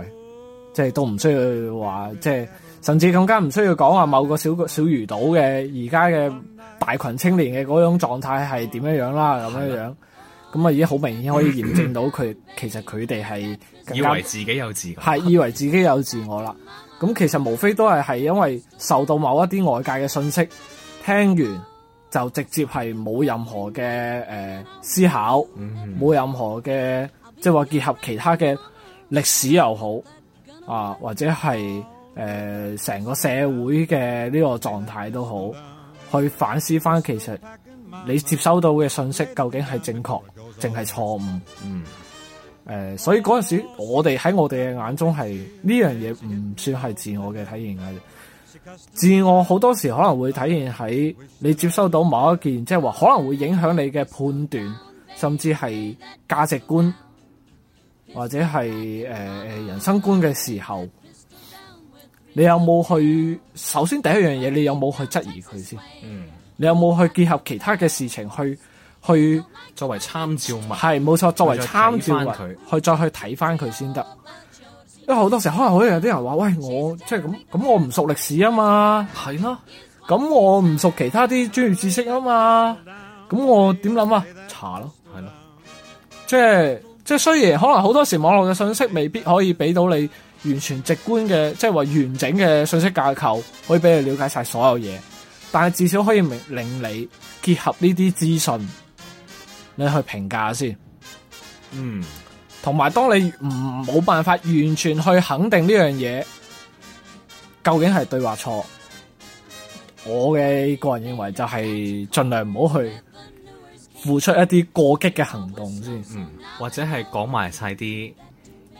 即係都唔需要話，即係甚至更加唔需要講話某個小小魚島嘅而家嘅大群青年嘅嗰種狀態係點樣樣啦，咁樣嗎樣，咁啊已經好明顯可以驗證到佢 其實佢哋係以為自己有自我，係 以為自己有自我啦。咁其實無非都係係因為受到某一啲外界嘅信息，聽完。就直接係冇任何嘅，誒、呃、思考，冇、mm hmm. 任何嘅，即係話結合其他嘅歷史又好啊，或者係誒成個社會嘅呢個狀態都好，去反思翻其實你接收到嘅信息，究竟係正確定係錯誤。嗯，誒、呃，所以嗰陣時我哋喺我哋嘅眼中係呢樣嘢唔算係自我嘅體驗啊。自我好多時可能會體現喺你接收到某一件，即係話可能會影響你嘅判斷，甚至係價值觀或者係誒、呃、人生觀嘅時候，你有冇去，首先第一樣嘢，你有冇去質疑佢先？嗯，你有冇去結合其他嘅事情去去作為參照物？係冇錯，作為參照物去再，去再去睇翻佢先得。因為好多時候可能會有啲人話，喂，我即係咁咁，我唔熟歷史啊嘛，係咯，啊，咁我唔熟其他啲專業知識啊嘛，咁我點諗啊？查咯，係咯，啊，即係即係雖然可能好多時網絡嘅信息未必可以俾到你完全直觀嘅，即係話完整嘅信息架構，可以俾你了解晒所有嘢，但係至少可以令你結合呢啲資訊，你去評價先，嗯。同埋，當你唔冇辦法完全去肯定呢樣嘢，究竟係對或錯，我嘅個人認為就係盡量唔好去付出一啲過激嘅行動先。嗯，或者係講埋晒啲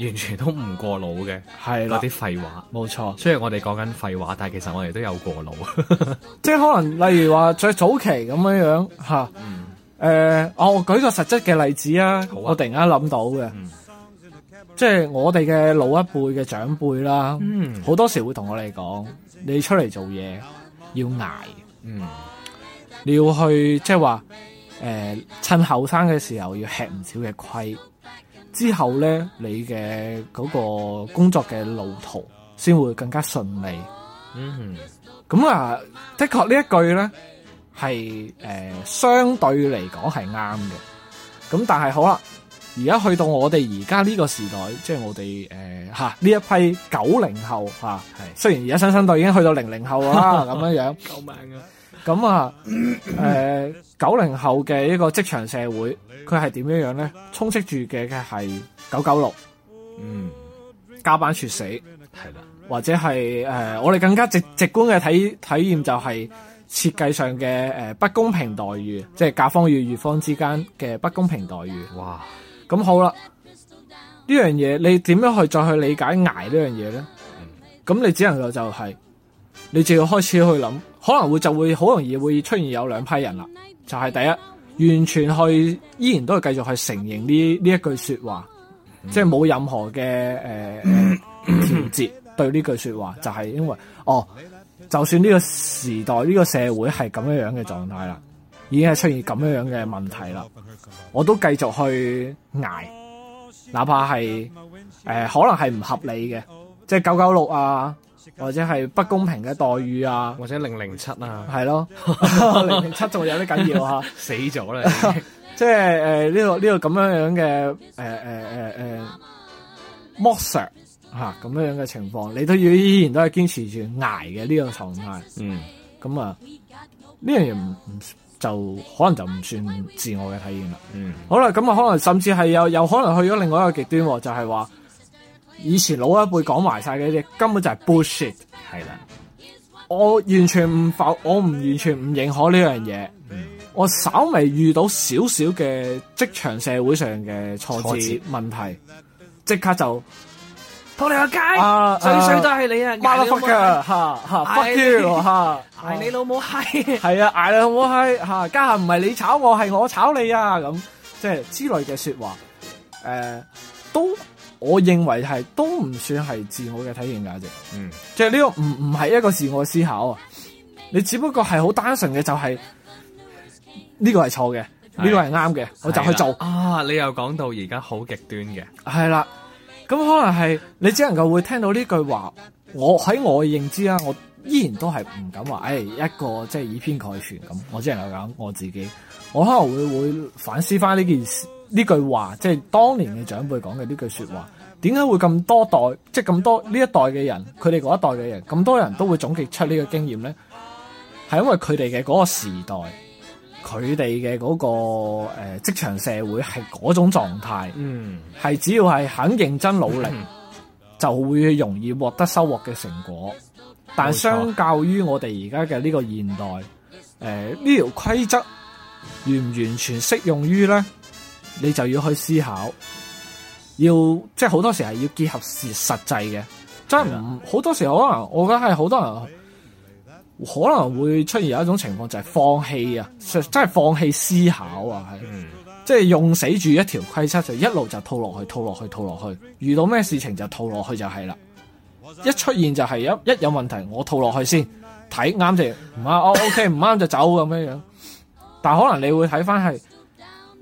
完全都唔過腦嘅，係咯啲廢話。冇錯錯，雖然我哋講緊廢話，但係其實我哋都有過腦。 即係可能，例如話最早期咁樣樣吓。啊嗯誒、呃，我舉個實質嘅例子啊，我突然間諗到嘅，嗯、即係我哋嘅老一輩嘅長輩啦，好、嗯、多時會同我哋講，你出嚟做嘢要捱，嗯、你要去即係話，誒、呃，趁後生嘅時候要吃唔少嘅虧，之後咧你嘅嗰個工作嘅路途先會更加順利。嗯咁、嗯、啊，的確呢一句咧。係誒、呃，相對嚟講係啱嘅。咁、嗯、但係好啦，而家去到我哋而家呢個時代，即係我哋誒吓呢一批九零後吓。係、啊、雖然而家新生代已經去到零零後啦，咁樣 樣。救命啊！咁啊，誒九零後嘅一個職場社會，佢係點樣樣咧？充斥住嘅嘅係九九六，嗯，加班猝死係啦，的或者係誒、呃、我哋更加直直觀嘅體體驗就係、是。設計上嘅誒不公平待遇，即係甲方與乙方之間嘅不公平待遇。哇！咁好啦，呢樣嘢你點樣去再去理解捱呢樣嘢咧？咁、嗯、你只能夠就係、是，你就要開始去諗，可能會就會好容易會出現有兩批人啦。就係、是、第一，完全去依然都係繼續去承認呢呢一句説話，即係冇任何嘅誒調節對呢句説話，就係、是、因為哦。就算呢個時代、呢、這個社會係咁樣樣嘅狀態啦，已經係出現咁樣樣嘅問題啦，我都繼續去捱，哪怕係誒、呃、可能係唔合理嘅，即係九九六啊，或者係不公平嘅待遇啊，或者零零七啊，係咯，零零七仲有啲緊要啊， 死咗啦你， 即係誒呢個呢、這個咁樣樣嘅誒誒誒誒 m o 吓咁、啊、樣樣嘅情況，你都要依然都係堅持住挨嘅呢個狀態。嗯，咁啊呢樣嘢唔唔就可能就唔算自我嘅體驗啦。嗯，好啦，咁啊可能甚至係有有可能去咗另外一個極端、啊，就係話以前老一輩講埋晒嘅嘢根本就係 bullshit。係啦的，我完全唔否，我唔完全唔認可呢樣嘢。嗯、我稍微遇到少少嘅職場社會上嘅挫折問題，即刻就。撲你個街，歲歲都係你啊！挨你老母，吓吓 f 吓挨你老母閪，係啊挨你老母閪吓，家下唔係你炒我，係我炒你啊咁，即係之類嘅說話，誒，都我認為係都唔算係自我嘅體現價值，嗯，即係呢個唔唔係一個自我思考啊，你只不過係好單純嘅就係呢個係錯嘅，呢個係啱嘅，我就去做啊！你又講到而家好極端嘅，係啦。咁可能係你只能夠會聽到呢句話，我喺我嘅認知啦，我依然都係唔敢話，誒、哎、一個即係以偏概全咁。我只能夠講我自己，我可能會會反思翻呢件事，呢句話即係當年嘅長輩講嘅呢句說話，點解會咁多代，即係咁多呢一代嘅人，佢哋嗰一代嘅人，咁多人都會總結出呢個經驗咧，係因為佢哋嘅嗰個時代。佢哋嘅嗰個誒、呃、職場社會係嗰種狀態，嗯，係只要係肯認真努力，嗯、就會容易獲得收穫嘅成果。冇錯。但相較於我哋而家嘅呢個現代，誒呢條規則完唔完全適用於咧？你就要去思考，要即係好多時係要結合事實際嘅，真係唔好多時候可能我覺得係好多人。可能會出現有一種情況就係、是、放棄啊，真係放棄思考啊、嗯，即係用死住一條規則就一路就套落去，套落去，套落去，去，遇到咩事情就套落去就係啦。一出現就係一一有問題，我套落去先睇啱就唔啱，OK，唔啱就走咁樣樣。但可能你會睇返係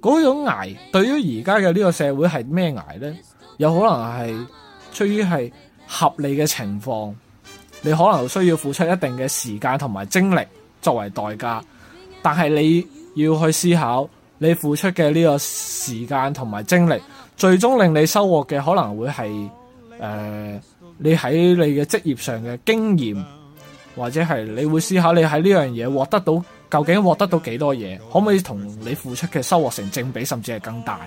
嗰種捱，對於而家嘅呢個社會係咩捱咧？有可能係出於係合理嘅情況。你可能需要付出一定嘅時間同埋精力作為代價，但係你要去思考，你付出嘅呢個時間同埋精力，最終令你收穫嘅可能會係誒、呃，你喺你嘅職業上嘅經驗，或者係你會思考你喺呢樣嘢獲得到，究竟獲得到幾多嘢，可唔可以同你付出嘅收穫成正比，甚至係更大？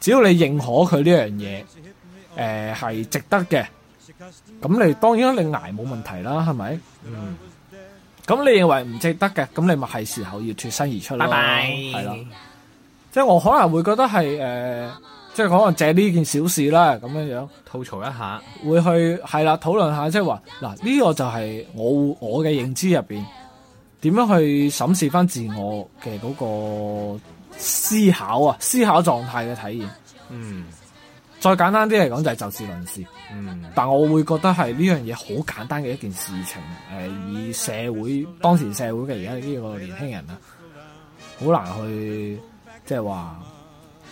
只要你認可佢呢樣嘢，誒、呃，係值得嘅。咁你當然你捱冇問題啦，係咪？嗯。咁你認為唔值得嘅，咁你咪係時候要脫身而出咯。拜拜。係啦，即係我可能會覺得係誒、呃，即係可能借呢件小事啦，咁樣樣吐槽一下，會去係啦討論下，即係話嗱，呢個就係我我嘅認知入邊點樣去審視翻自我嘅嗰個思考啊，思考狀態嘅體驗。嗯。再簡單啲嚟講，就係就事論事。嗯，但我會覺得係呢樣嘢好簡單嘅一件事情，誒、呃，以社會當時社會嘅而家呢個年輕人啊，好難去即係話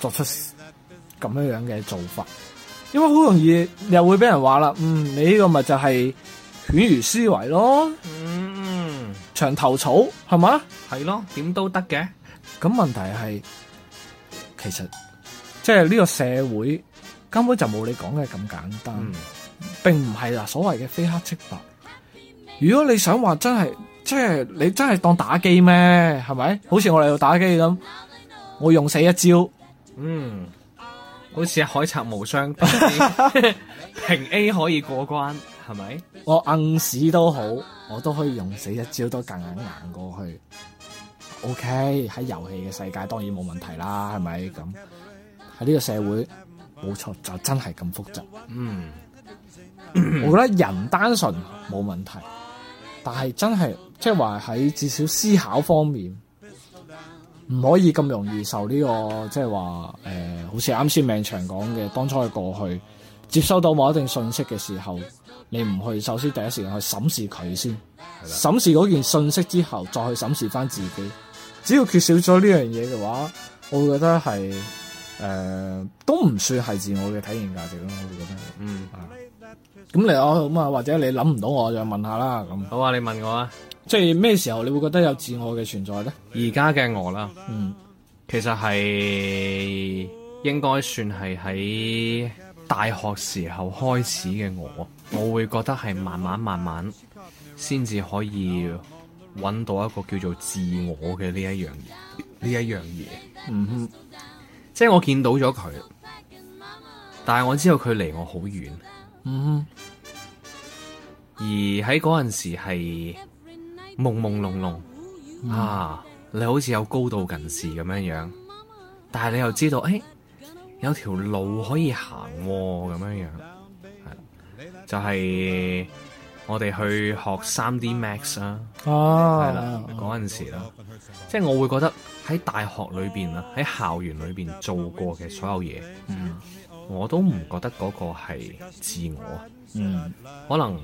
作出咁樣樣嘅做法，因為好容易又會俾人話啦，嗯，你呢個咪就係犬儒思維咯，嗯，嗯，長頭草係嘛？係咯，點都得嘅，咁問題係其實即係呢個社會。根本就冇你講嘅咁簡單，嗯，並唔係啦。所謂嘅非黑即白。如果你想話真係，即係你真係當打機咩？係咪？好似我哋又打機咁，我用死一招，嗯，嗯，好似海賊無雙 平 A 可以過關，係咪？我硬屎都好，我都可以用死一招都夾硬硬硬過去。OK，喺遊戲嘅世界當然冇問題啦，係咪？咁喺呢個社會。冇錯，就真係咁複雜。嗯， 我覺得人單純冇問題，但係真係即係話喺至少思考方面唔可以咁容易受呢個即係話誒，好似啱先命長講嘅，當初嘅過去接收到某一定信息嘅時候，你唔去首先第一時間去審視佢先，審視嗰件信息之後再去審視翻自己。只要缺少咗呢樣嘢嘅話，我會覺得係。誒、呃，都唔算係自我嘅體現價值咯，我會覺得。嗯。咁你哦咁啊，或者你諗唔到我，我再問下啦。咁。好啊，你問我啊。即係咩時候你會覺得有自我嘅存在咧？而家嘅我啦，嗯，其實係應該算係喺大學時候開始嘅我，我會覺得係慢慢慢慢先至可以搵到一個叫做自我嘅呢一樣嘢呢一樣嘢。嗯哼。即係我見到咗佢，但係我知道佢離我好遠。嗯，而喺嗰陣時係朦朦朧朧啊，你好似有高度近視咁樣樣，但係你又知道，誒、欸，有條路可以行咁樣樣，係就係、是、我哋去學 3D Max 啊，係啦，嗰陣時啦，即係我會覺得。喺大學裏邊啊，喺校園裏邊做過嘅所有嘢，我都唔覺得嗰個係自我。嗯，可能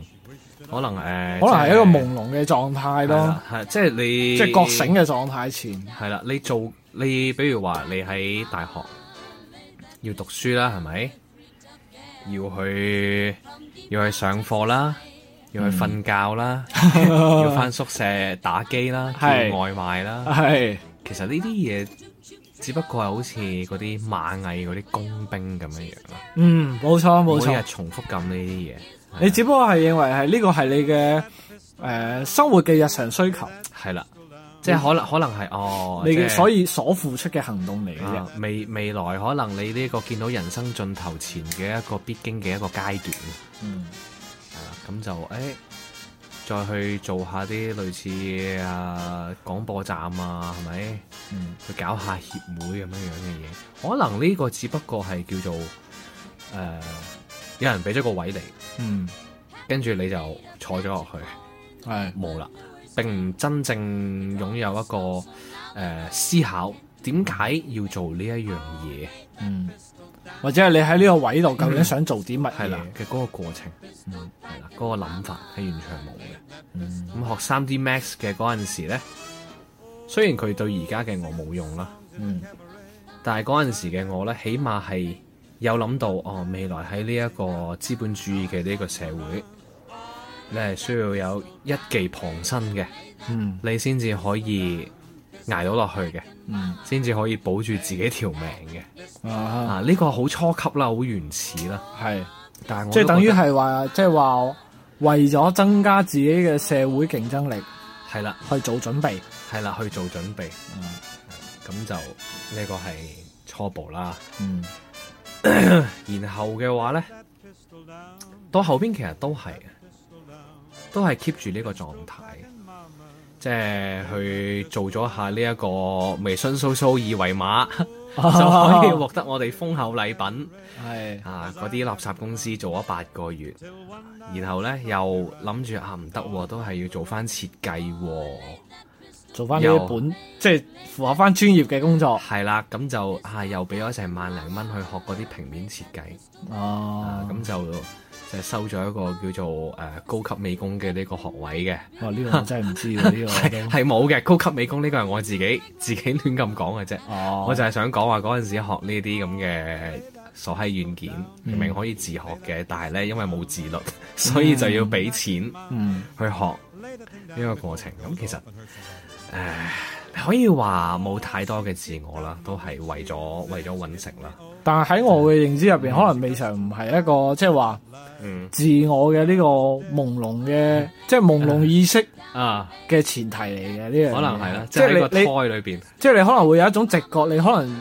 可能誒，可能係一個朦朧嘅狀態咯。係，即係你即係覺醒嘅狀態前。係啦，你做你，比如話你喺大學要讀書啦，係咪？要去要去上課啦，要去瞓覺啦，要翻宿舍打機啦，叫外賣啦，係。其實呢啲嘢只不過係好似嗰啲螞蟻嗰啲工兵咁樣樣咯。嗯，冇錯冇錯。錯每日重複咁呢啲嘢，你只不過係認為係呢個係你嘅誒、呃、生活嘅日常需求。係啦了，嗯、即係可能可能係哦，你嘅即，所以所付出嘅行動嚟嘅，啊。未未來可能你呢個見到人生盡頭前嘅一個必經嘅一個階段。嗯嗯。嗯，係啦，咁就誒。再去做下啲類似啊廣播站啊，係咪？嗯，去搞下協會咁樣樣嘅嘢，可能呢個只不過係叫做誒、呃、有人俾咗個位嚟，嗯，跟住你就坐咗落去，係冇啦。並唔真正擁有一個誒、呃、思考，點解要做呢一樣嘢？嗯。或者係你喺呢個位度究竟想做啲乜嘢嘅嗰個過程，係啦、嗯，嗰、嗰個諗法係完全係冇嘅。咁、嗯、學三 D Max 嘅嗰陣時咧，雖然佢對而家嘅我冇用啦，嗯、但係嗰陣時嘅我咧，起碼係有諗到哦，未來喺呢一個資本主義嘅呢個社會，你係需要有一技傍身嘅，嗯，你先至可以。捱到落去嘅，嗯，先至可以保住自己條命嘅，啊，呢、啊呢個好初級啦，好原始啦，係，但係我即係等於係話，等即係話為咗增加自己嘅社會競爭力，係啦了，去做準備，係啦，去做準備，嗯，咁、嗯、就呢個係初步啦，嗯， 然後嘅話咧，到後邊其實都係都係 keep 住呢個狀態。即係去做咗下呢一個微信掃掃二維碼，啊、 就可以獲得我哋豐厚禮品。係是啊，嗰啲垃圾公司做咗八個月，啊、然後呢又諗住啊唔得，都係要做翻設計，做翻呢本又即係符合翻專業嘅工作。係啦，咁就啊又俾咗成萬零蚊去學嗰啲平面設計。哦、啊、咁、啊、就。就收咗一個叫做誒、呃、高級美工嘅呢個學位嘅。哇、哦，呢、這個我真係唔知，呢、 這個係冇嘅高級美工呢個係我自己自己亂咁講嘅啫。哦，我就係想講話嗰陣時學呢啲咁嘅傻閪軟件，明明、嗯、可以自學嘅，但係咧因為冇自律，嗯、 所以就要俾錢去學呢個過程。咁、嗯、其實誒、呃，可以話冇太多嘅自我啦，都係為咗為咗揾食啦。但係喺我嘅認知入邊，嗯、可能未嘗唔係一個即係話自我嘅呢個朦朧嘅、嗯、即係朦朧意識啊嘅、嗯、前提嚟嘅呢樣，可能係啦，即係個胎裏邊，即係你可能會有一種直覺，你可能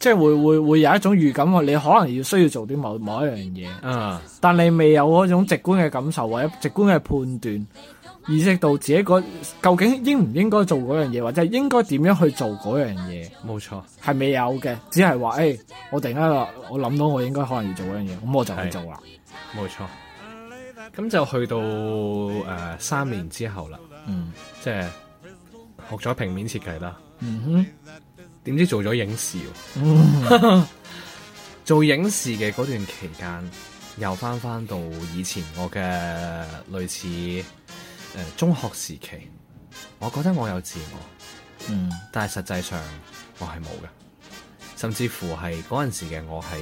即係會會會有一種預感，你可能要需要做啲某某一樣嘢，嗯，但你未有嗰種直觀嘅感受或者直觀嘅判斷。意識到自己究竟應唔應該做嗰樣嘢，或者係應該點樣去做嗰樣嘢？冇錯，係未有嘅，只係話，誒、欸，我突然間我諗到我應該可能要做嗰樣嘢，咁我就去做啦。冇錯，咁就去到誒、呃、三年之後啦，嗯，即係學咗平面設計啦，嗯哼，點知做咗影視，嗯、 做影視嘅嗰段期間，又翻翻到以前我嘅類似。誒，中學時期，我覺得我有自我，嗯，但係實際上我係冇嘅，甚至乎係嗰陣時嘅我係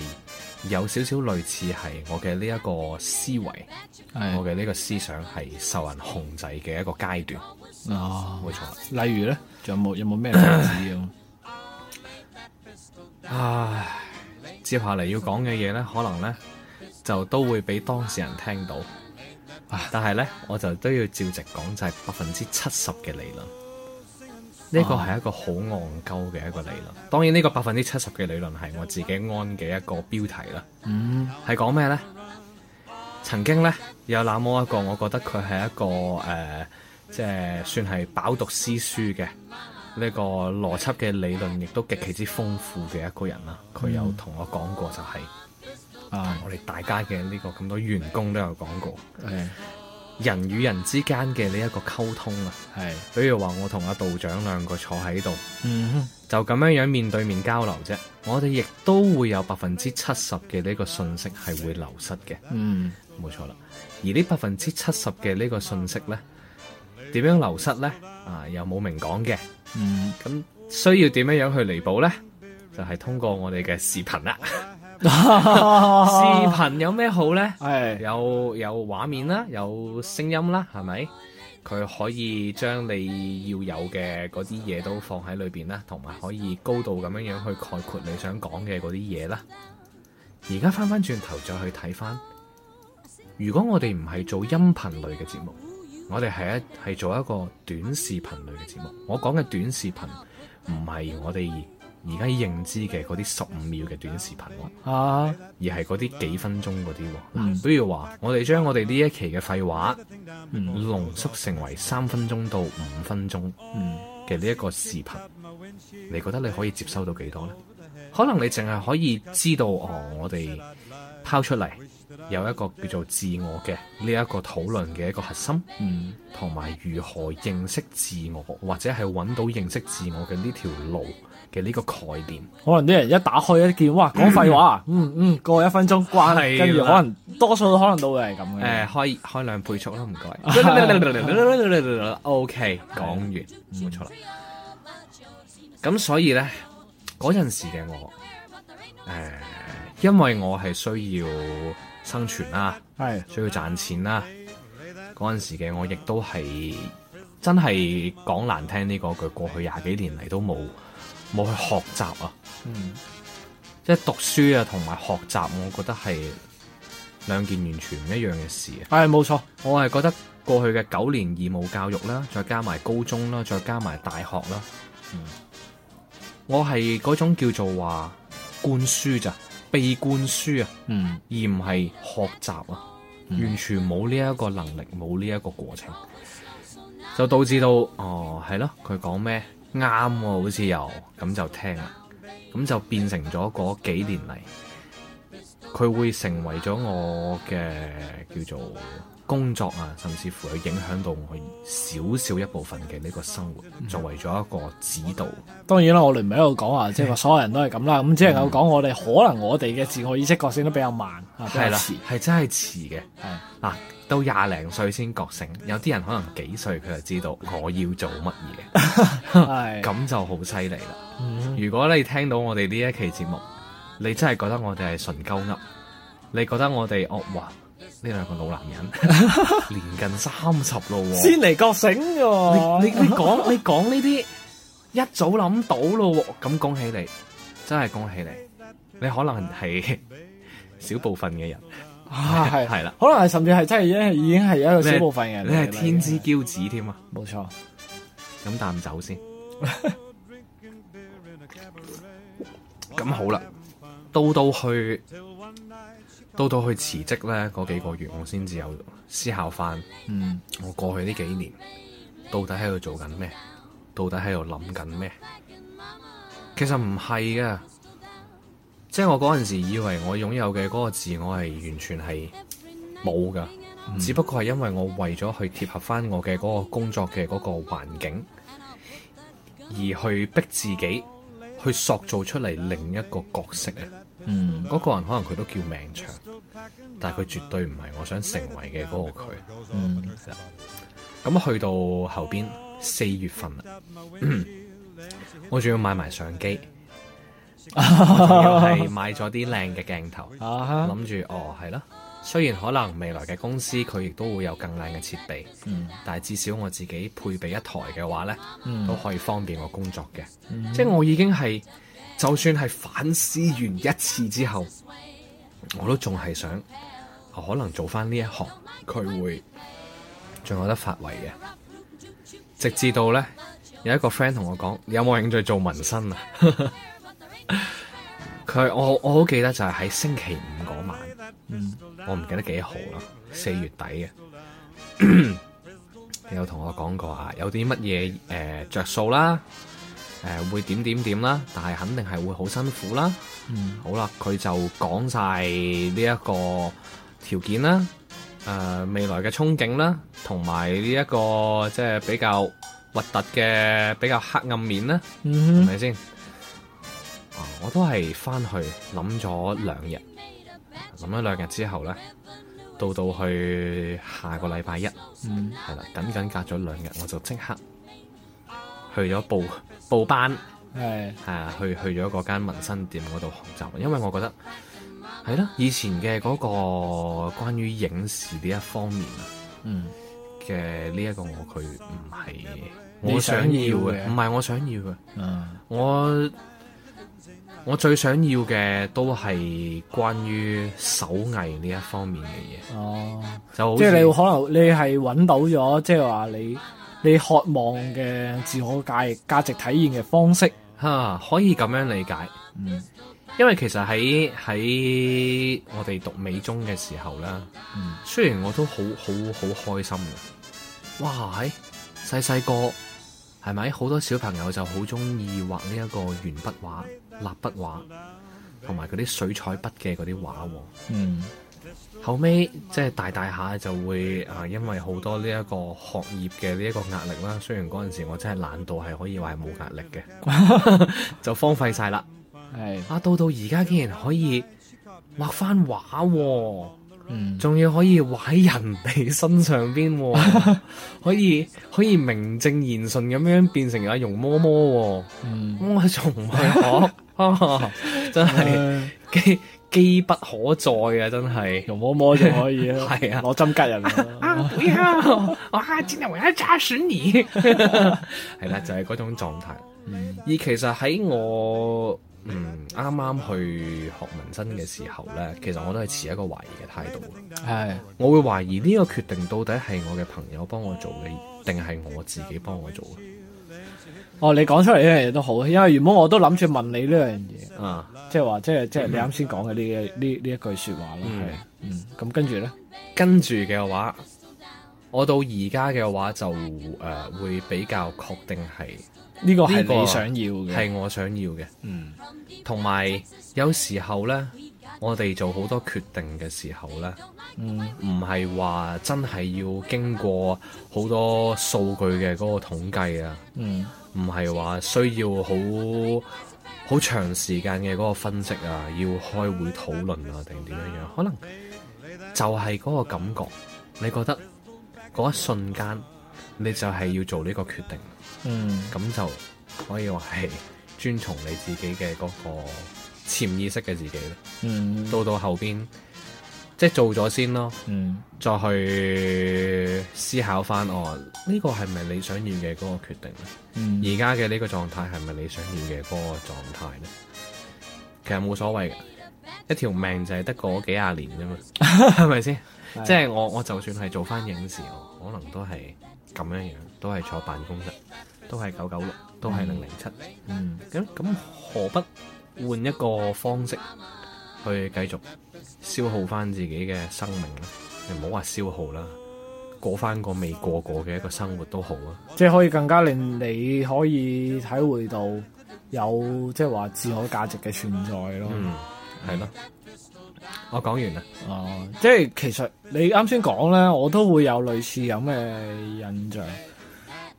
有少少類似係我嘅呢一個思維，是我嘅呢個思想係受人控制嘅一個階段。哦，冇錯。例如咧，仲有冇有冇咩例子？接下嚟要講嘅嘢咧，可能咧就都會俾當事人聽到。 但係呢，我就都要照直講，就係百分之七十嘅理論，呢個係一個好戇鳩嘅一個理論。當然呢個百分之七十嘅理論係我自己安嘅一個標題啦。嗯，係講咩呢？曾經呢，有那麼一個，我覺得佢係一個誒，即係算係飽讀詩書嘅呢個邏輯嘅理論，亦都極其之豐富嘅一個人啦。佢有同我講過就係、是。嗯啊！我哋大家嘅呢個咁多員工都有講過，係人與人之間嘅呢一個溝通啊，係。比如話我同阿道長兩個坐喺度，嗯，就咁樣樣面對面交流啫。我哋亦都會有百分之七十嘅呢個信息係會流失嘅，嗯，嗯，冇錯啦。而呢百分之七十嘅呢個信息呢，點樣流失呢？啊，又冇明講嘅，嗯。咁需要點樣樣去彌補呢？就係、是、通過我哋嘅視頻啦。 視頻有咩好呢？ 有有畫面啦，有聲音啦，係咪？佢可以將你要有嘅嗰啲嘢都放喺裏邊啦，同埋可以高度咁樣樣去概括你想講嘅嗰啲嘢啦。而家翻翻轉頭再去睇翻，如果我哋唔係做音頻類嘅節目，我哋係一係做一個短視頻類嘅節目。我講嘅短視頻唔係我哋，而家認知嘅嗰啲十五秒嘅短視頻，啊，而係嗰啲幾分鐘嗰啲。嗯，比如話，我哋將我哋呢一期嘅廢話，嗯，濃縮成為三分鐘到五分鐘嘅呢一個視頻，你覺得你可以接收到幾多呢？可能你淨係可以知道哦，我哋拋出嚟有一個叫做自我嘅呢一個討論嘅一個核心，嗯，同埋如何認識自我，或者係揾到認識自我嘅呢條路。嘅呢個概念，可能啲人一打開一件，哇！講廢話、啊、 嗯嗯，過一分鐘關係，跟住的可能多數都可能都會係咁嘅。誒、呃，開開兩倍速啦、啊，唔該。 o、okay, K，講完冇錯啦。咁 所以咧，嗰陣時嘅我，誒、呃，因為我係需要生存啦，係的需要賺錢啦。嗰陣時嘅我亦都係真係講難聽呢個句，過去廿幾年嚟都冇。冇去學習啊，嗯、即係讀書啊，同埋學習，我覺得係兩件完全唔一樣嘅事啊。係冇錯，錯，我係覺得過去嘅九年義務教育啦、啊，再加埋高中啦、啊，再加埋大學啦、啊，嗯、我係嗰種叫做話灌輸咋，被灌輸啊，嗯、而唔係學習啊，嗯、完全冇呢一個能力，冇呢一個過程，就導致到哦係咯，佢講咩？啱喎、啊，好似又，咁就聽啦，咁就變成咗嗰幾年嚟，佢會成為咗我嘅叫做工作啊，甚至乎係影響到我少少一部分嘅呢個生活，作為咗一個指導。嗯、當然啦，我哋唔係喺度講啊，即係話所有人都係咁啦，咁只能夠講我哋、嗯、可能我哋嘅自我意識覺性都比較慢啊，係啦，係真係遲嘅，係嗱的。都廿零歲先覺醒，有啲人可能幾歲佢就知道我要做乜嘢，咁就好犀利啦。如果你聽到我哋呢一期節目，你真係覺得我哋係純鳩噏，你覺得我哋惡哇呢兩個老男人年近三十咯，先嚟覺醒嘅，你你講你講呢啲一早諗到咯，咁恭喜你，真係恭喜你，你可能係小部分嘅人。係係啦，啊、 對可能甚至係真係已經係一個小部分人。你係是對天之驕子添啊！冇錯對，飲啖酒先。咁 好啦，到去到去到到去辭職咧嗰幾個月，我先至有思考翻，嗯，我過去呢幾年到底喺度做緊咩？到底喺度諗緊咩？其實唔係噶。即係我嗰陣時以為我擁有嘅嗰個自我係完全係冇噶，嗯、只不過係因為我為咗去貼合翻我嘅嗰個工作嘅嗰個環境，而去逼自己去塑造出嚟另一個角色啊！嗯，嗰、嗯、個人可能佢都叫命長，但係佢絕對唔係我想成為嘅嗰個佢。嗯，咁去到後邊四月份啦，我仲要買埋相機。又係 買咗啲靚嘅鏡頭，諗住、uh huh. 哦係啦。雖然可能未來嘅公司佢亦都會有更靚嘅設備，mm. 但係至少我自己配備一台嘅話呢，mm. 都可以方便我工作嘅。Mm hmm. 即係我已經係，就算係反思完一次之後，我都仲係想可能做翻呢一行，佢會仲有得發圍嘅。直至到呢，有一個 friend 同我講，有冇興趣做紋身啊？ 佢我我好記得就係喺星期五嗰晚，嗯、我唔記得幾號啦，四月底嘅你有同我講過啊，有啲乜嘢誒着數啦，誒、呃、會點點點啦，但係肯定係會好辛苦啦。嗯，好啦，佢就講晒呢一個條件啦，誒、呃、未來嘅憧憬啦，同埋呢一個即係、就是、比較核突嘅比較黑暗面啦，係咪先？我都係翻去諗咗兩日，諗咗兩日之後咧，到到去下個禮拜一，係啦，嗯，僅僅隔咗兩日，我就即刻去咗報報班，係係啊，去去咗嗰間紋身店嗰度學習，因為我覺得係啦，以前嘅嗰個關於影視呢一方面，嗯嘅呢一個我佢唔係我想要嘅，唔係我想要嘅，嗯，我。我最想要嘅都係關於手藝呢一方面嘅嘢，哦，就即係你可能你係揾到咗，即係話你你渴望嘅自我價價值體現嘅方式？吓可以咁樣理解。嗯，因為其實喺喺我哋讀美中嘅時候咧，嗯，雖然我都好好好開心嘅。哇，喺細細個係咪好多小朋友就好中意畫呢一個鉛筆畫。蠟筆畫同埋嗰啲水彩筆嘅嗰啲畫，嗯，後尾即係大大下就會啊，因為好多呢一個學業嘅呢一個壓力啦。雖然嗰陣時我真係懶到係可以話係冇壓力嘅， 就荒廢晒啦。係是啊，到到而家竟然可以畫翻畫，啊、嗯，仲要可以畫喺人哋身上邊，啊、 可以可以名正言順咁樣變成阿容嬤嬤，啊、嗯，咁我仲唔去學。Oh，真係機機不可再啊！真係用摸摸就可以啦，係啊，攞針拮人啊！ 啊，不要！哇，今日我要扎死你！係啦，就係、是、嗰種狀態。而其實喺我嗯啱啱去學紋身嘅時候咧，其實我都係持一個懷疑嘅態度。係，話好話 我會懷疑呢個決定到底係我嘅朋友幫我做嘅，定係我自己幫我做嘅？哦，你講出嚟呢樣嘢都好，因為原本我都諗住問你呢樣嘢，啊，即係話，即係即係你啱先講嘅呢一呢呢一句說話啦，係，嗯，咁、嗯、跟住咧，跟住嘅話，我到而家嘅話就誒、呃、會比較確定係呢個係你想要嘅，係我想要嘅，嗯，同埋有，有時候咧，我哋做好多決定嘅時候咧，嗯，唔係話真係要經過好多數據嘅嗰個統計啊，嗯。唔係話需要好好長時間嘅嗰個分析啊，要開會討論啊，定點樣樣？可能就係嗰個感覺，你覺得嗰一瞬間你就係要做呢個決定，嗯，咁就可以話係遵從你自己嘅嗰個潛意識嘅自己咯，嗯，到到後邊。即係做咗先咯，嗯、再去思考翻，嗯、哦。呢、呢個係咪你想要嘅嗰個決定？而家嘅呢個狀態係咪你想要嘅嗰個狀態咧？其實冇所謂嘅，一條命就係得嗰幾廿年啫嘛，係咪先？啊、即係我我就算係做翻影視，我可能都係咁樣樣，都係坐辦公室，都係九九六，都係零零七。咁咁，何不換一個方式去繼續？消耗翻自己嘅生命咧，你唔好話消耗啦，過翻個未過過嘅一個生活都好啊，即係可以更加令你可以體會到有即係話自我價值嘅存在咯。嗯，係咯。我講完啦。哦，即係其實你啱先講咧，我都會有類似咁嘅印象，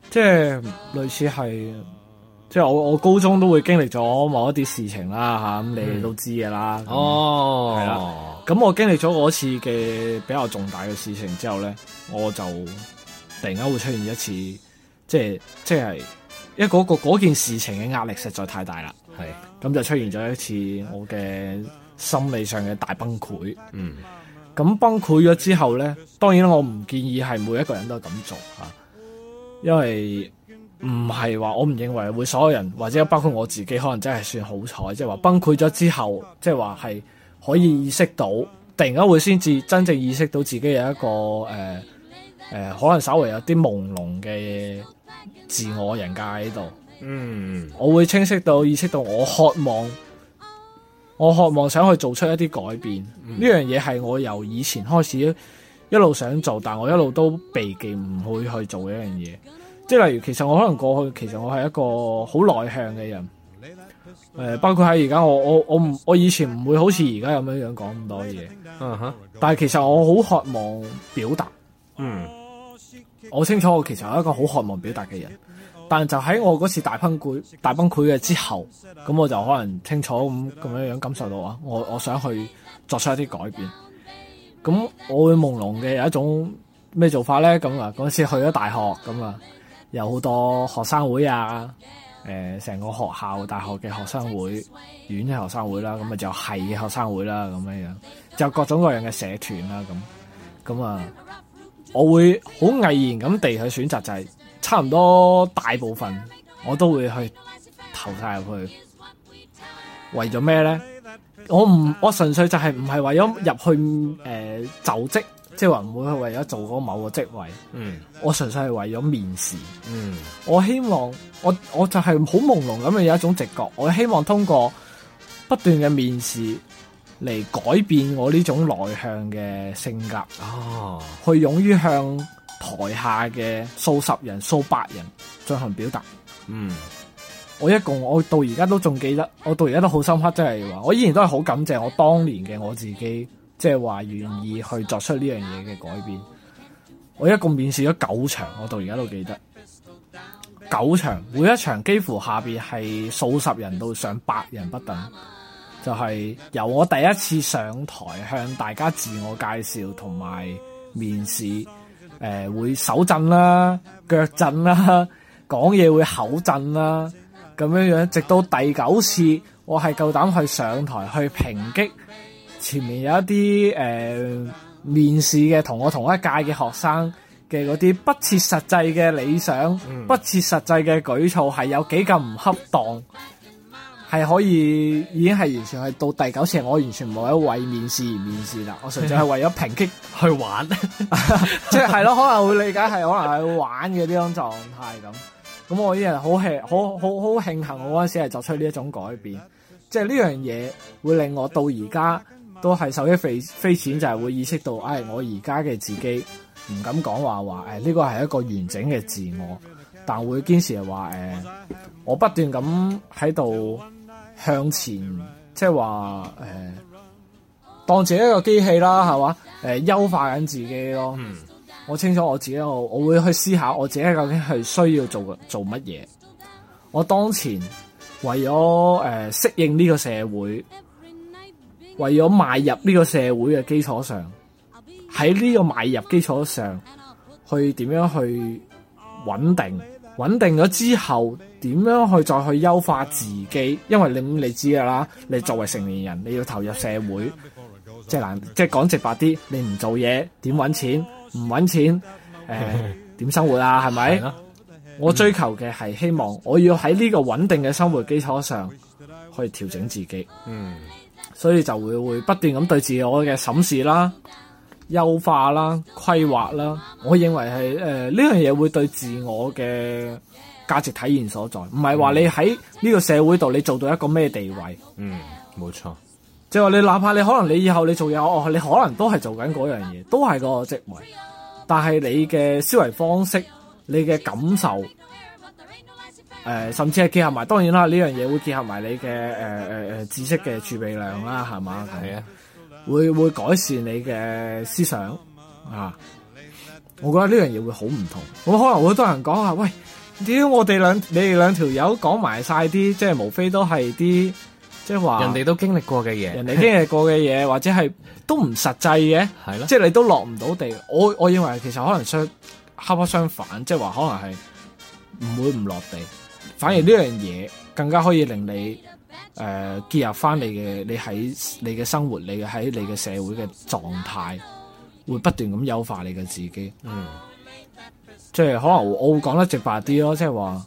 即係類似係，即係我我高中都會經歷咗某一啲事情啦吓，咁、嗯、你哋都知噶啦。嗯、哦，係啦。咁我經歷咗嗰次嘅比較重大嘅事情之後呢，我就突然間會出現一次，即係即係一個一個嗰件事情嘅壓力實在太大啦。係咁是就出現咗一次我嘅心理上嘅大崩潰。嗯，咁崩潰咗之後呢，當然我唔建議係每一個人都係咁做吓，因為唔係話我唔認為會所有人，或者包括我自己，可能真係算好彩，即係話崩潰咗之後，即係話係。可以意識到，突然間會先至真正意識到自己有一個誒誒、呃呃，可能稍微有啲朦朧嘅自我人格喺度。嗯，我會清晰到意識到，我渴望，我渴望想去做出一啲改變。呢樣嘢係我由以前開始一路想做，但我一路都避忌唔會去做嘅一樣嘢。即係例如，其實我可能過去其實我係一個好內向嘅人。誒，包括喺而家，我我我唔，我以前唔會好似而家咁樣樣講咁多嘢，嗯哼、uh-huh. 但係其實我好渴望表達，嗯，我清楚我其實係一個好渴望表達嘅人。但就喺我嗰次大崩潰、大崩潰嘅之後，咁我就可能清楚咁咁樣樣感受到啊，我我想去作出一啲改變。咁我會朦朧嘅有一種咩做法咧？咁啊，嗰次去咗大學，咁啊，有好多學生會啊。誒，成個學校、大學嘅學生會、院嘅學生會啦，咁咪就係嘅學生會啦，咁樣樣就各種各樣嘅社團啦，咁咁啊，我會好毅然咁地去選擇，就係差唔多大部分我都會去投晒入去，為咗咩咧？我唔，我純粹就係唔係為咗入去誒、呃、就職。即係話唔會係為咗做嗰某個職位，嗯、我純粹係為咗面試。嗯、我希望我我就係好朦朧咁樣有一種直覺，我希望通過不斷嘅面試嚟改變我呢種內向嘅性格，哦、去勇於向台下嘅數十人、數百人進行表達。嗯，我一共我到而家都仲記得，我到而家都好深刻，即係話我依然都係好感謝我當年嘅我自己。即係話願意去作出呢樣嘢嘅改變。我一共面試咗九場，我到而家都記得九場，每一場幾乎下邊係數十人到上百人不等。就係、是、由我第一次上台向大家自我介紹同埋面試，誒、呃、會手震啦、啊、腳震啦、啊、講嘢會口震啦、啊，咁樣樣直到第九次，我係夠膽去上台去評擊。前面有一啲誒、呃、面試嘅同我同一屆嘅學生嘅嗰啲不切實際嘅理想，嗯、不切實際嘅舉措係有幾咁唔恰當，係可以已經係完全係到第九次，我完全冇係為面試而面試啦，我純粹係為咗平擊去玩，即係係咯， 可能會理解係可能係玩嘅呢種狀態咁。咁我依人好慶好好好慶幸，我嗰陣時係作出呢一種改變，即係呢樣嘢會令我到而家。都係受益匪匪淺，就係會意識到，誒、哎，我而家嘅自己唔敢講話話，誒，呢個係一個完整嘅自我，但會堅持係話，誒、哎，我不斷咁喺度向前，即係話，誒、哎，當自己一個機器啦，係嘛，誒、哎，優化緊自己咯、嗯。我清楚我自己，我我會去思考我自己究竟係需要做做乜嘢。我當前為咗誒、哎、適應呢個社會。為咗邁入呢個社會嘅基礎上，喺呢個邁入基礎上，去點樣去穩定？穩定咗之後，點樣去再去優化自己？因為咁你,你知噶啦，你作為成年人，你要投入社會，即係難，即係講直白啲，你唔做嘢點搵錢？唔搵錢，誒、呃，點 生活啊？係咪？ 我追求嘅係希望，我要喺呢個穩定嘅生活基礎上，去調整自己。 嗯。所以就會會不斷咁對自我嘅審視啦、優化啦、規劃啦，我認為係誒呢樣嘢會對自我嘅價值體現所在，唔係話你喺呢個社會度你做到一個咩地位，嗯，冇錯，即係話你哪怕你可能你以後你做嘢，哦，你可能都係做緊嗰樣嘢，都係嗰個職位，但係你嘅思維方式、你嘅感受。誒、呃，甚至係結合埋，當然啦，呢樣嘢會結合埋你嘅誒誒誒知識嘅儲備量啦，係嘛？係是啊，會，會會改善你嘅思想啊。我覺得呢樣嘢會好唔同。咁、哦、可能會多人講啊，喂，屌我哋兩你哋兩條友講埋晒啲，即係無非都係啲即係話人哋都經歷過嘅嘢， 人哋經歷過嘅嘢，或者係都唔實際嘅，係咯，即係你都落唔到地。我我認為其實可能相恰恰相反，即係話可能係唔會唔落地。反而呢樣嘢更加可以令你誒結合翻你嘅你喺你嘅生活，你嘅喺你嘅社會嘅狀態，會不斷咁優化你嘅自己。嗯，即係可能我會講得直白啲咯，即係話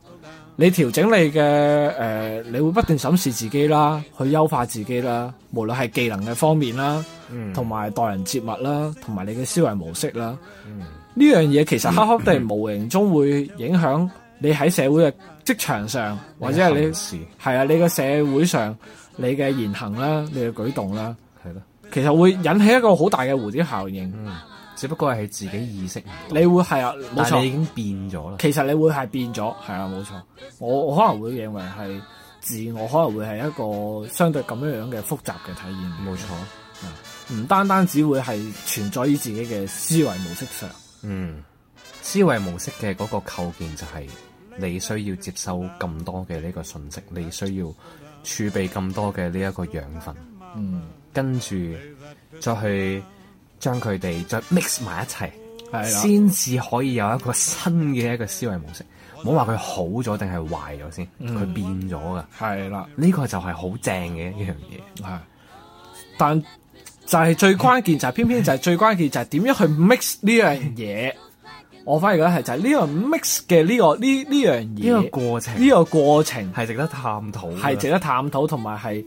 你調整你嘅誒、呃，你會不斷審視自己啦，去優化自己啦。無論係技能嘅方面啦，同埋待人接物啦，同埋你嘅思維模式啦，呢樣嘢其實恰恰都係無形中會影響。 你喺社會嘅職場上，或者係你係事啊，你嘅社會上你嘅言行啦、啊，你嘅舉動啦、啊，係咯的，其實會引起一個好大嘅蝴蝶效應。嗯，只不過係自己意識。你會係啊，冇錯，但係你已經變咗啦。其實你會係變咗，係啊，冇錯。我我可能會認為係自我可能會係一個相對咁樣樣嘅複雜嘅體驗。冇錯錯，唔、啊、單單只會係存在於自己嘅思維模式上。嗯，思維模式嘅嗰個構建就係、是。你需要接收咁多嘅呢個信息，你需要儲備咁多嘅呢一個養分，嗯，跟住再去將佢哋再 mix 埋一齊，係的，先至可以有一個新嘅一個思維模式。唔好話佢好咗定係壞咗先，佢、嗯、變咗㗎，係啦的。呢個就係好正嘅一樣嘢，係。但就係最關鍵就係、是， 偏偏就係最關鍵就係點樣去 mix 呢樣嘢。 我反而覺得係就係呢個 mix 嘅呢個呢呢樣嘢呢個過程，呢個過程係值得探討，係值得探討，同埋係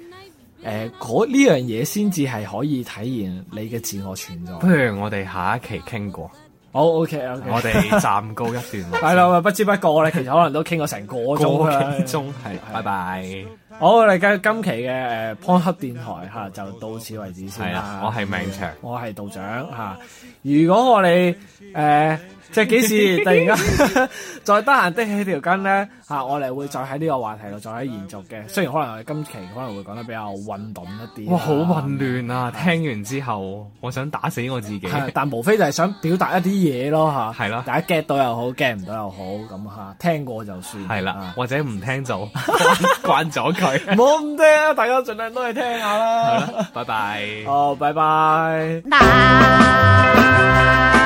誒嗰呢樣嘢先至係可以體現你嘅自我存在。不如我哋下一期傾過，好 OK，OK 我哋暫告一段落。係啦、 啊，不知不覺我哋其實可能都傾咗成個鐘啦，個鐘係。 是拜拜，好，我哋今期嘅誒 punk 電台嚇、啊、就到此為止先啦、啊 啊。我係明祥，我係道長嚇。如果我哋誒～、呃 即係幾時？突然間再得閒的起條筋咧嚇，我哋會再喺呢個話題度再喺延續嘅。雖然可能我哋今期可能會講得比較混沌一啲。哇！好混亂啊！嗯、聽完之後，我想打死我自己、嗯。但無非就係想表達一啲嘢咯嚇。係咯，大家 get 到又好，get 唔到又好，咁嚇聽過就算。係啦，或者唔聽就關咗佢。冇咁聽啊！大家儘量都去聽,聽下啦。係啦，拜拜。好，拜拜。